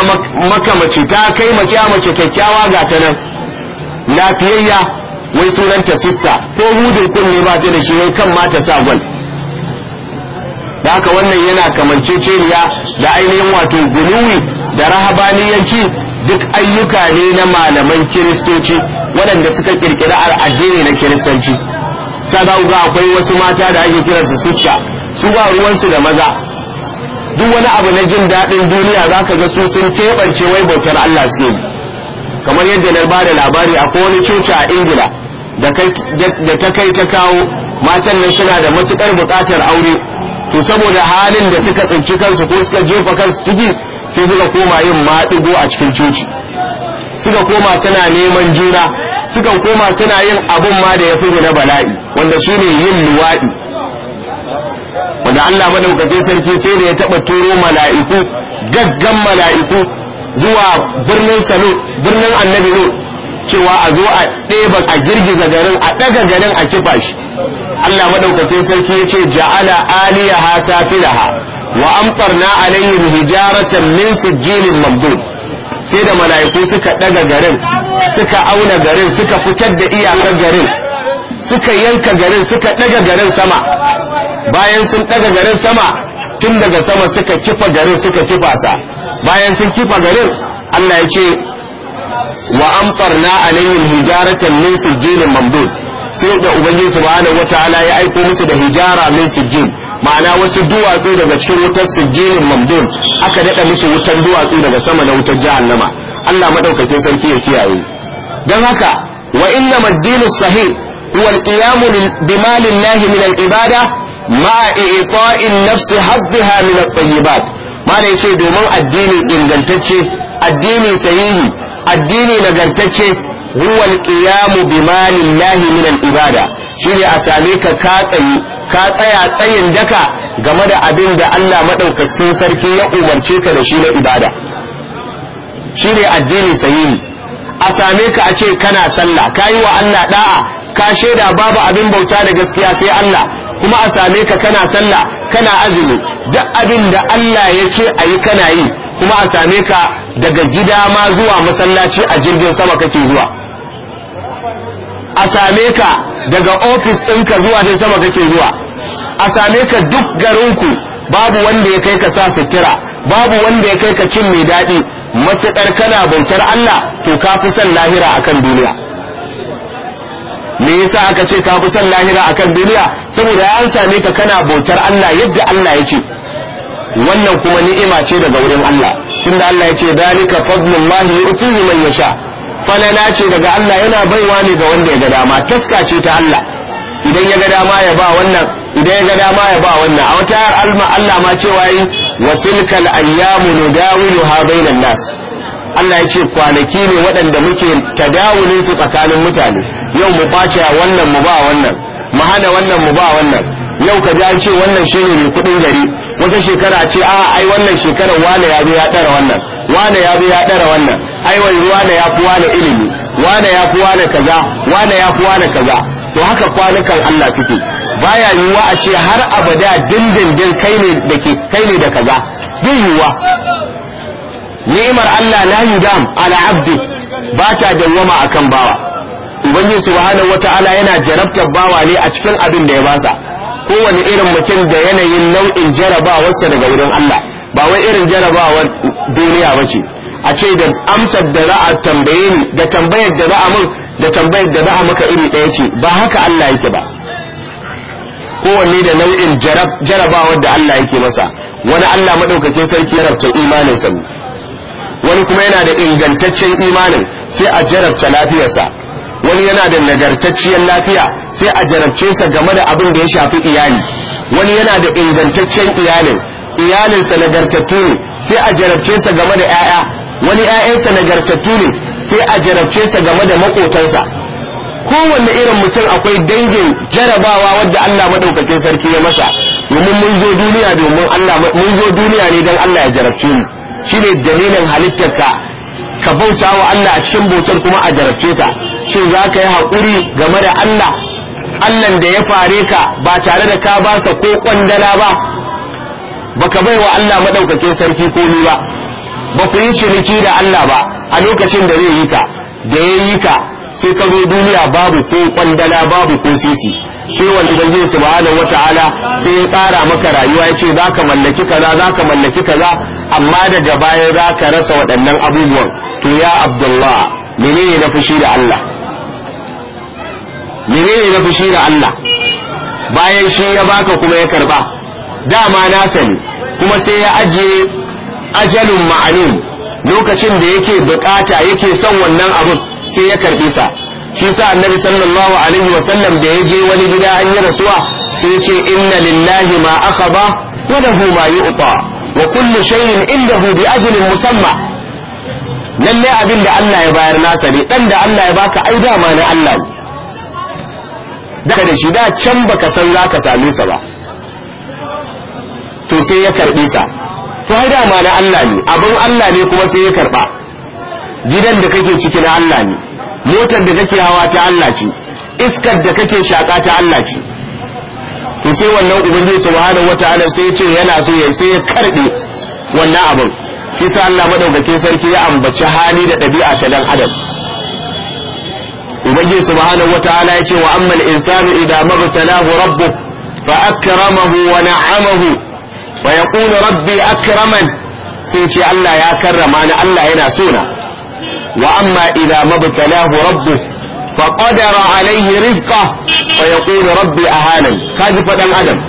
maka mace ta kai mace mace kyakkyawa ga ta nan lafiyayya wai sunanta sista ko hudun kunne ba ta da shi wai kan mata sa gwal da haka wannan yana kamanceceniya da ainihin wato guluwi da rahabaniyanci duk ayyuka ne na malaman kiristoci waɗanda suka kirkiri al'addini na kiristanci sa za ga akwai wasu mata da ake kiransu sista su ba ruwansu da maza duk wani abu na jin daɗin duniya za ka ga su sun keɓance wai bautar Allah suke kamar yadda na ba da labari akwai wani coci a ingila da ta kai ta kawo matan nan suna da matukar bukatar aure to saboda halin da suka tsinci kansu ko suka jefa kansu ciki sai suka koma yin maɗigo a cikin coci suka koma suna neman juna suka koma suna yin abun ma da ya fi na bala'i wanda su ne yin luwaɗi wanda Allah madaukakin sarki sai da ya taɓa turo mala'iku gaggan mala'iku zuwa birnin salo birnin annabi cewa a zo a ɗeba a girgiza garin a ɗaga garin a kifa shi Allah madaukakin sarki ya ce ja'ala aliyaha safilaha wa amtarna alaihim hijaratan min sijilin mamdud sai da mala'iku suka ɗaga garin suka auna garin suka fitar da iyakar garin suka yanka garin suka ɗaga garin sama bayan sun ɗaga garin sama tun daga sama suka kifa garin suka kifa sa bayan sun kifa garin Allah ya ce wa amtarna alaihim hijaratan min sijilin mamdud sai da ubangiji subhanahu wataala ya aiko musu da hijara min ma'ana wasu duwatsu daga cikin wutar sijilin mamdud aka daɗa musu wutan duwatsu daga sama na wutar jahannama Allah madaukakin sarki ya kiyaye dan haka wa inna maddinu sahi huwa al-qiyam bima lillahi min al-ibada ma'a i'ta'in nafsi haddaha min at-tayyibat mala yace domin addini ingantacce addini sahihi addini nagartacce huwa alqiyamu bima lillahi min al-ibada shine a same ka ka tsayi ka tsaya tsayin daka game da abin da Allah madaukakin sarki ya umarce ka da shi na ibada shine addini sahihi a same ka a ce kana sallah yi wa Allah da'a ka shaida babu abin bauta da gaskiya sai Allah kuma a same ka kana sallah kana azumi duk abin da Allah ya ce a kana yi kuma a same ka daga gida ma zuwa masallaci a jirgin sama kake zuwa a same ka daga ofis ɗinka zuwa jirgin sama kake zuwa a same ka duk garinku babu wanda ya kai ka sa sutura babu wanda ya kai ka cin mai daɗi matuƙar kana bautar Allah to ka fi son lahira akan duniya me yasa aka ce ka fi son lahira akan duniya saboda an same ka kana bautar Allah yadda Allah ya ce wannan kuma ni'ima ce daga wurin Allah tunda Allah ya ce dalika fadlullahi yu'tihi man yasha falala ce daga Allah yana baiwa ne ga wanda ya ga dama taska ce ta Allah idan ya ga dama ya ba wannan idan ya ga dama ya ba wannan a wata alma Allah ma cewa yi wa tilkal ayyamu nudawiluha bainan nas Allah ya ce kwanaki ne waɗanda muke tadawulin su tsakanin mutane yau mu bace wannan mu ba wannan mu hana wannan mu ba wannan yau ka ji an ce wannan shi mai kudin gari wata shekara ce a ai wannan shekarar wane ya zo ya dara wannan wane ya zo ya dara wannan ai wani wane ya fi wane ilimi wane ya fi wane kaza wane ya fi wane kaza to haka kwanukan Allah suke baya yiwuwa a ce har abada dindindin kai ne da ke kai ne da kaza bin yiwuwa ni'imar Allah la yudam ala abdi ba ta dawwama akan bawa ubangiji subhanahu wataala yana jarabtar bawa ne a cikin abin da ya basa kowane irin mutum da yanayin nau'in jarabawarsa daga wurin Allah ba wai irin jarabawar duniya ba ce a ce da amsar da za a tambaye ni da tambayar da za a mun da tambayar da za a maka iri ɗaya ce ba haka Allah yake ba kowanne da nau'in jarabawar da Allah yake masa wani Allah maɗaukakin sarki ya rabta imanin sa wani kuma yana da ingantaccen imanin sai a jarabta lafiyarsa wani yana da nagartacciyar lafiya sai a jarabce sa game da abin da ya shafi iyali wani yana da ingantaccen iyalin sa nagartattu ne sai a jarabce sa game da 'ya'ya wani sa nagartattu ne sai a jarabce sa game da makotansa kowanne irin mutum akwai dangin jarabawa wadda Allah madaukakin sarki ya masa domin mun zo duniya domin Allah mun zo duniya ne don Allah ya jarabce mu shine dalilin halittarka ka bauta wa Allah a cikin bautar kuma a jarabce ka shin za ka yi haƙuri game da Allah Allahn da ya fare ka ba tare da ka ba sa ko kwandala ba ba ka bai wa Allah maɗaukakin sarki komi ba ba ku yi ciniki da Allah ba a lokacin da zai yi ka da ya yi ka sai ka zo duniya babu ko kwandala babu ko sisi shi wanda ubangiji subhanahu wataala sai ya tsara maka rayuwa ya ce za ka mallaki kaza za ka mallaki kaza amma daga baya za ka rasa waɗannan abubuwan to ya abdullah menene na fushi da Allah menene na fushi da Allah bayan shi ya baka kuma ya karba dama na sani kuma sai ya ajiye ajalin ma'anin lokacin da yake bukata yake son wannan abun sai ya karbi sa shi sa annabi sallallahu alaihi wa sallam da ya je wani gida an yi rasuwa sai ce inna lillahi ma akhadha wa lahu ma yu'ta wa kullu shay'in indahu bi ajlin musamma lalle abin da Allah ya bayar nasa ne dan da Allah ya baka ai dama na Allah daga da shi da can baka san za ka same sa ba to sai ya karbe sa to ai dama na Allah ne abin Allah ne kuma sai ya karba gidan da kake ciki na Allah ne motar da kake hawa ta Allah ce iskar da kake shaka ta Allah ce to sai wannan ubangiji subhanahu wataala sai ya ce yana so ya sai ya karbe wannan abin shi sa Allah madaukakin sarki ya ambaci hali da ɗabi'a ta dan adam ubangiji subhanahu wataala ya ce wa ammal insanu idza mabtalahu rabbu fa akramahu wa na'amahu fa yaqulu rabbi akraman sai ce Allah ya karrama ni Allah yana so na wa amma idza mabtalahu rabbuh fa qadara alayhi rizqah fa yaqulu rabbi ahanan kaji fadan adam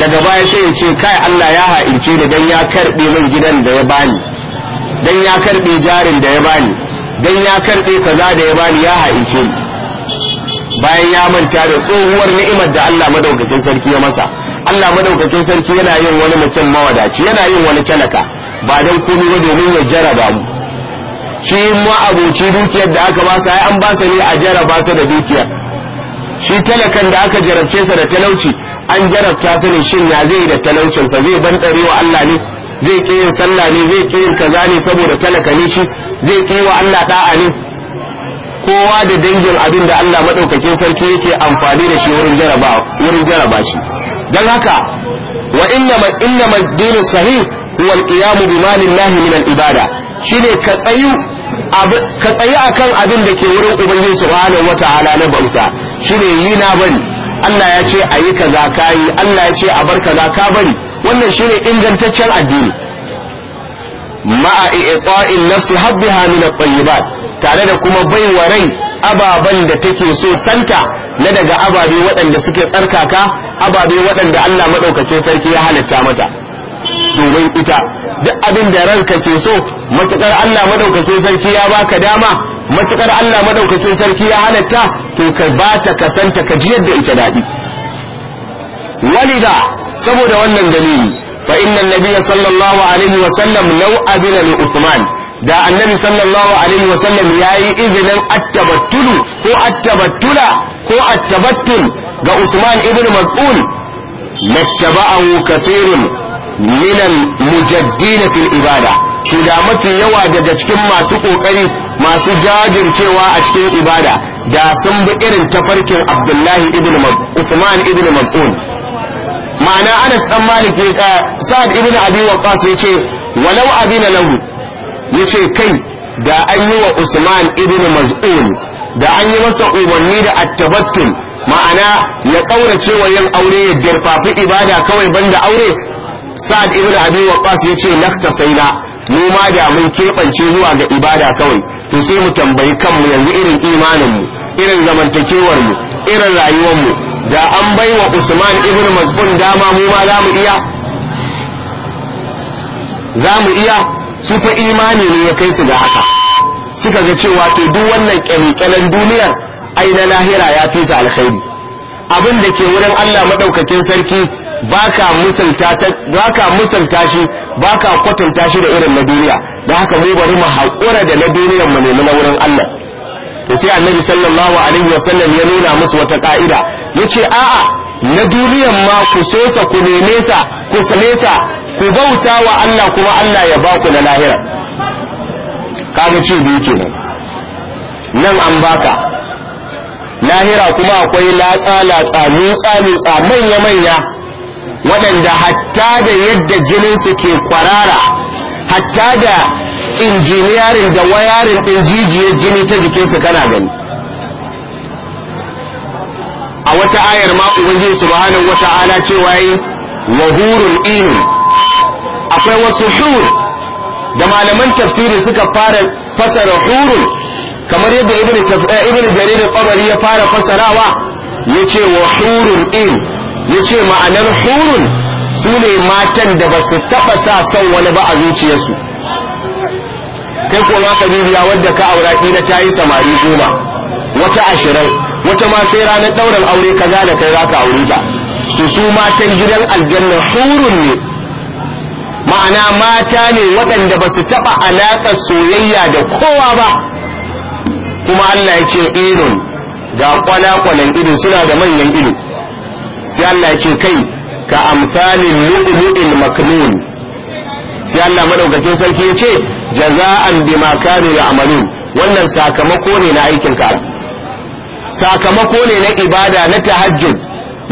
daga baya sai ya ce kai Allah ya ha'ince ni dan ya karbe min gidan da ya bani dan ya karbe jarin da ya bani dan ya karɓe kaza da ya bani ya haince ni bayan ya manta da tsohuwar ni'imar da Allah madaukakin sarki ya masa Allah madaukakin sarki yana yin wani mutum mawadaci yana yin wani talaka ba dan komai ba domin ya jaraba mu shi ma abuci dukiyar da aka basa ai an basa ne a jaraba sa da dukiyar shi talakan da aka jarabce sa da talauci an jarabta sa ne shin ya zai da sa, zai ban wa Allah ne zai ke yin sallah ne zai ki yin kaza ne saboda talaka ne shi zai ke wa Allah da'a ne kowa da dangin abin da Allah madaukakin sarki yake amfani da shi wurin jaraba wurin jaraba shi dan haka wa inna ma inna ma dinu sahih huwa al-qiyam bi mali Allah min al-ibada shine ka tsayu ka tsayi akan abin da ke wurin ubangiji subhanahu wataala na bauta shine yi na bari Allah ya ce ayi kaza kayi Allah ya ce a bar kaza ka bari wannan shine ingantaccen addini ma'a iqa'in nafsi habbiha min at-tayyibat tare da kuma baiwa rai ababan da take so santa na daga ababe waɗanda suke tsarkaka ababe waɗanda Allah madaukakin sarki ya halatta mata domin ita duk abin da ranka ke so matukar Allah madaukakin sarki ya baka dama matukar Allah madaukakin sarki ya halatta to ka bata ka santa ka ji yadda ita daɗi walida saboda wannan dalili fa inna nabiyya sallallahu alaihi wa sallam law adina da annabi sallallahu alaihi wa sallam yayi izinin attabattulu ko attabattula ko attabattul ga usman ibn mas'ud lattaba'ahu kathirun min al-mujaddin fil ibada to da mafi yawa daga cikin masu kokari masu jajircewa a cikin ibada da sun bi irin tafarkin abdullahi ibn usman ibn mas'ud ma'ana anas dan malik ya ka sa'ad ibn abi waqqas yace walau abina lahu yace kai da an yi wa usman ibn maz'un da an yi masa umarni da attabattul ma'ana ya kaurace cewa yin aure ya darfafi ibada kawai banda aure sa'ad ibn abi waqqas yace sai mu ma da mun kebance zuwa ga ibada kawai to sai mu tambayi kanmu yanzu irin imanin mu irin zamantakewar mu irin rayuwar mu da an bai wa usman ibn mazbun dama mu ma za mu iya za mu iya su fa imani ne ya kai su ga haka suka ga cewa to duk wannan kyalkyalan duniyar ai na lahira ya fi su alkhairi abin da ke wurin Allah madaukakin sarki baka musulta baka musulta shi baka kwatanta shi da irin na duniya da haka mu bari mu haƙura da na duniyar mu ne na wurin Allah da sai annabi sallallahu alaihi wasallam ya nuna musu wata ka'ida yace a'a na duniyan ma ku sosa ku neme sa ku sane ku bauta wa Allah kuma Allah ya ba ku na lahira kaga ce biyu kenan nan an baka lahira kuma akwai latsa latsa nutsa nutsa manya manya waɗanda hatta da yadda jininsu ke kwarara hatta da injiniyarin da wayarin ɗin jijiyar jini ta jikinsu kana gani a wata ayar ma ubangiji subhanahu wata'ala cewa yi wahurul inu akwai wasu hur da malaman tafsiri suka fara fasara hurun kamar yadda ibn eh, jarir tabari ya fara fasarawa yace wahurul inu in yace ma'anar hurun su ne matan da ba su taɓa sa son wani ba a zuciyarsu kai ko ma kabibiya wadda ka aura ƙila ta yi samari goma wata ashirin wata ma sai ranar ɗaurin aure kaza da kai za ka aure ta to su matan gidan aljanna hurun ne ma'ana mata ne waɗanda ba su taɓa alaƙar soyayya da kowa ba kuma Allah ya ce irin ga kwalakwalan ido suna da manyan ido sai Allah ya ce kai ka amsalin lu'lu'il maknun sai Allah madaukakin sarki ya ce jaza'an bima kanu ya'malun wannan sakamako ne na aikin ka sakamako ne na ibada na tahajjud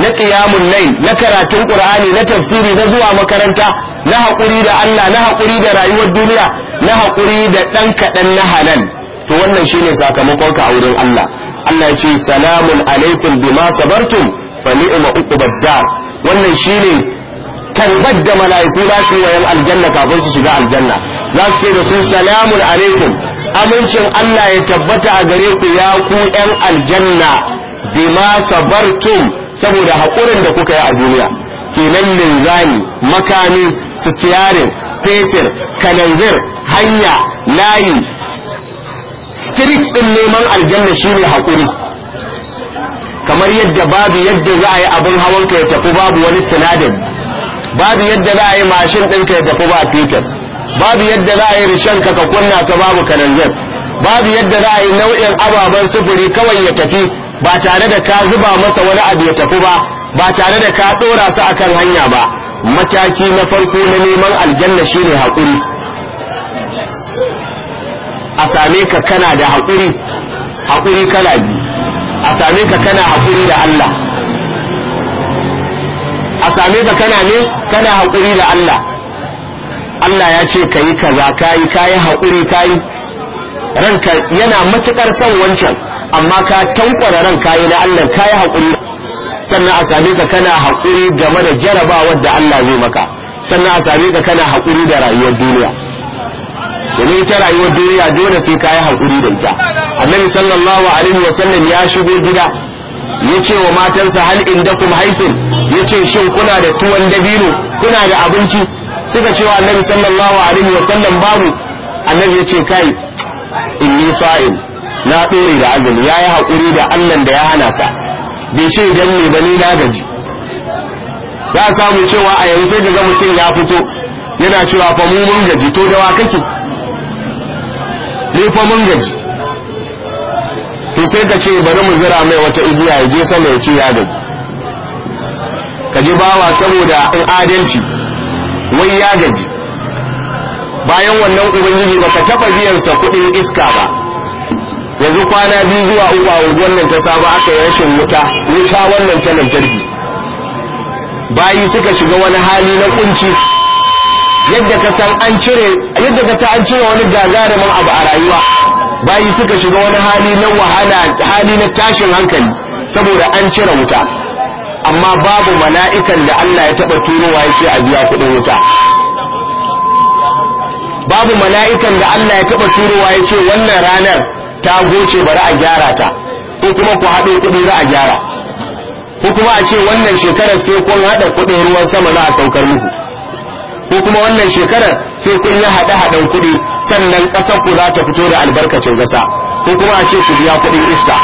na qiyamul layl na karatun qur'ani na tafsiri na zuwa makaranta na haƙuri da Allah na haƙuri da rayuwar duniya na haƙuri da ɗan kaɗan na halal to wannan shine sakamakon ka a wurin Allah Allah ya ce salamun alaikum bima sabartum fa ni'ma uqubad dar wannan shi ne tarbar da mala'iku za su wayan aljanna kafin su shiga aljanna za su ce da su salamun alaikum amincin Allah ya tabbata a gare ku ya ku yan aljanna bima sabartum saboda haƙurin da kuka yi a duniya kenan linzani makami sitiyarin fetir kananzir hanya layi street din neman aljanna shi ne haƙuri kamar yadda babu yadda za a yi abin hawan ka ya tafi babu wani sinadin babu yadda za a yi mashin ka ya tafi ba fetur babu yadda za a yi rishen ka ka kunna sa babu kananzir babu yadda za a yi nau'in ababen sufuri kawai ya tafi ba tare da ka zuba masa wani abu ya tafi ba ba tare da ka ɗora su akan hanya ba mataki na farko na neman aljanna shine haƙuri a same ka kana da haƙuri haƙuri kala biyu a same ka kana haƙuri da Allah a same ka kana ne kana haƙuri da Allah Allah ya ce ka yi kaza ka yi ka yi haƙuri ka ranka yana matuƙar son wancan amma ka tankwara ranka yi na Allah ka yi haƙuri sannan a same ka kana haƙuri game da jarabawar da Allah zai maka sannan a same ka kana haƙuri da rayuwar duniya domin ta rayuwar duniya dole sai kayi hakuri da ita annabi sallallahu alaihi wa sallam ya shigo gida ya ce wa matansa hal indakum haisin ya ce shin kuna da tuwon dabino kuna da abinci suka ce wa annabi sallallahu alaihi wa sallam babu annabi ya ce kai inni sa'im na dore da azumi yayi hakuri da Allah da ya hana sa bai ce idan me bane na gaji za samu cewa a yanzu daga mutum ya fito yana cewa fa mu mun gaji to da wa kake ni fa mun gaji to sai ka ce bari mu zira mai wata igiya ya je sama ya ce ya gaji ka je bawa saboda in adalci wai ya gaji bayan wannan ubangiji baka taba biyan sa kuɗin iska ba yanzu kwana biyu zuwa uku a wannan ta saba aka yi rashin wuta wuta wannan ta lantarki bayi suka shiga wani hali na kunci yadda ka san an cire A yadda ka ta an cire wani gagarumin abu a rayuwa bayi suka shiga wani hali na wahala hali na tashin hankali saboda an cire wuta amma babu mala'ikan da Allah ya taba turowa ya a biya kuɗin wuta babu mala'ikan da Allah ya taɓa turowa ya wannan ranar ta goce bari a gyara ta ko kuma ku haɗo kuɗi za a gyara ko kuma a ce wannan shekarar sai kun haɗa kuɗin ruwan sama na saukar muku ko kuma wannan shekarar sai kun yi haɗe haɗen kuɗi sannan ƙasar ku za ta fito da albarkacin gasa ko kuma a ce ku biya kuɗin iska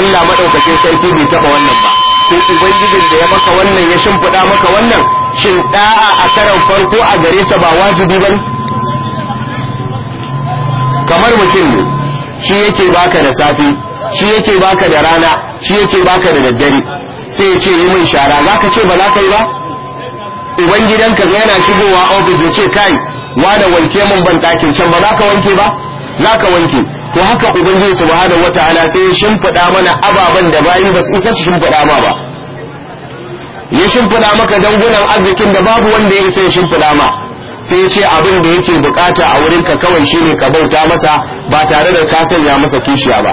Allah maɗaukacin sarki bai taɓa wannan ba ko ubangijin da ya maka wannan ya shimfiɗa maka wannan shin ɗa'a a karan farko a gare sa ba wajibi ba kamar mutum ne shi yake baka da safe shi yake baka da rana shi yake baka da daddare sai ya ce yi min shara za ka ce ba za ka yi ba ubangidanka yana shigowa ofis ya ce kai wada wanke mun ban ɗakin can ba za ka wanke ba za ka wanke to haka ubangiji subhanahu wataala sai ya shimfiɗa mana ababen da bayi ba su isa su ma ba ya shimfiɗa maka dangunan arzikin da babu wanda ya isa ya shimfiɗa ma sai ya ce abin da yake bukata a wurin ka kawai shine ka bauta masa ba tare da ka sanya masa kishiya ba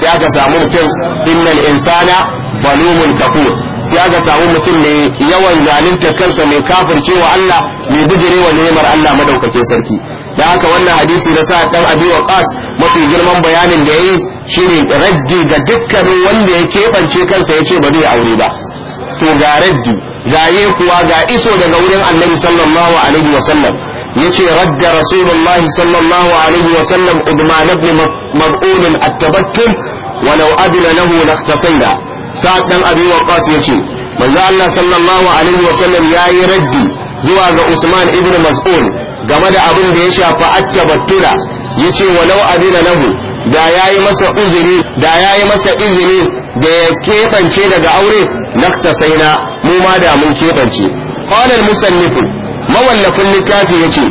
sai aka samu mutum innal insana zalumun kafur sai aka samu mutum mai yawan zalunta kansa mai kafircewa Allah mai wa ni'imar Allah madaukake sarki da haka wannan hadisi na sa dan abi waqas mafi girman bayanin da yayi shine raddi ga dukkanin wanda ya kebance kansa yace ba zai aure ba to ga raddi ga kuwa ga iso daga wurin annabi sallallahu alaihi wasallam yace radda rasulullahi sallallahu alaihi wasallam udman ibn mad'un at-tabattul ولو أذن له لاختصينا sa'ad dan abi waqas yace manzo Allah sallallahu alaihi wasallam yayi raddi zuwa ga Usman ibn Mas'ud game da abin da ya shafa attabattura yace walau adina lahu da yayi masa uzuri da yayi masa izini da ya kebance daga aure naktasaina mu ma da mun keɓance. qala al-musannif mawallafin littafi yace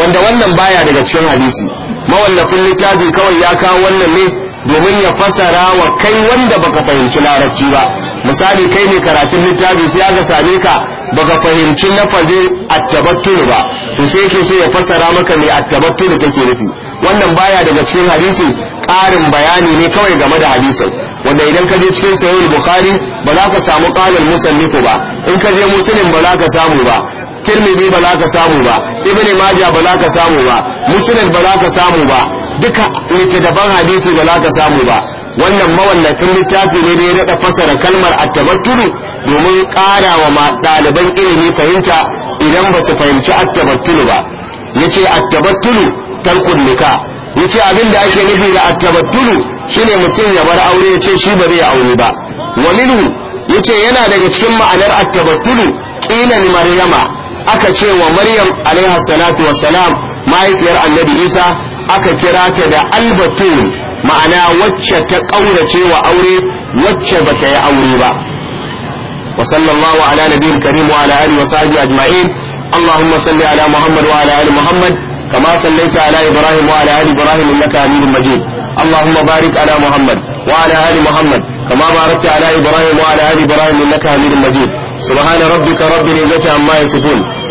wanda wannan baya daga cikin hadisi mawallafin littafi kawai ya kawo wannan ne domin ya fasara wa kai wanda baka fahimci larabci ba misali kai ne karatun littafi sai aka same ka baka fahimci lafazin attabattun ba to sai yake so ya fasara maka mai attabattun take nufi wannan baya daga cikin hadisi ƙarin bayani ne kawai game da hadisin wanda idan ka je cikin sahih bukhari ba za ka samu ƙarin musannifu ba in ka je muslim ba za ka samu ba tirmidhi ba za ka samu ba ibn majah ba za ka samu ba muslim ba za ka samu ba duka littattafan hadisi ba za ka samu ba wannan mawallafin littafi ne da ya daɗa fasara kalmar attabattulu domin ƙara wa ɗaliban ilimi fahimta idan ba su fahimci attabattulu ba yace attabattulu tarkun nika yace abin da ake nufi da attabattulu shine mutum ya bar aure yace shi ba zai aure ba wa minhu yace yana daga cikin ma'anar attabattulu ƙilan maryama aka ce wa maryam alaiha salatu wassalam mahaifiyar annabi isa aka kira ta da albatun ma'ana wacce ta ƙaurace wa aure wacce ba ta yi aure ba wa sallallahu ala nabiyil karim wa ala alihi wa sahbihi ajma'in allahumma salli ala muhammad wa ala ali muhammad kama sallaita ala ibrahim wa ala ali ibrahim innaka hamidum majid allahumma barik ala muhammad wa ala ali muhammad kama barakta ala ibrahim wa ala ali ibrahim innaka hamidum majid subhana rabbika rabbil izzati amma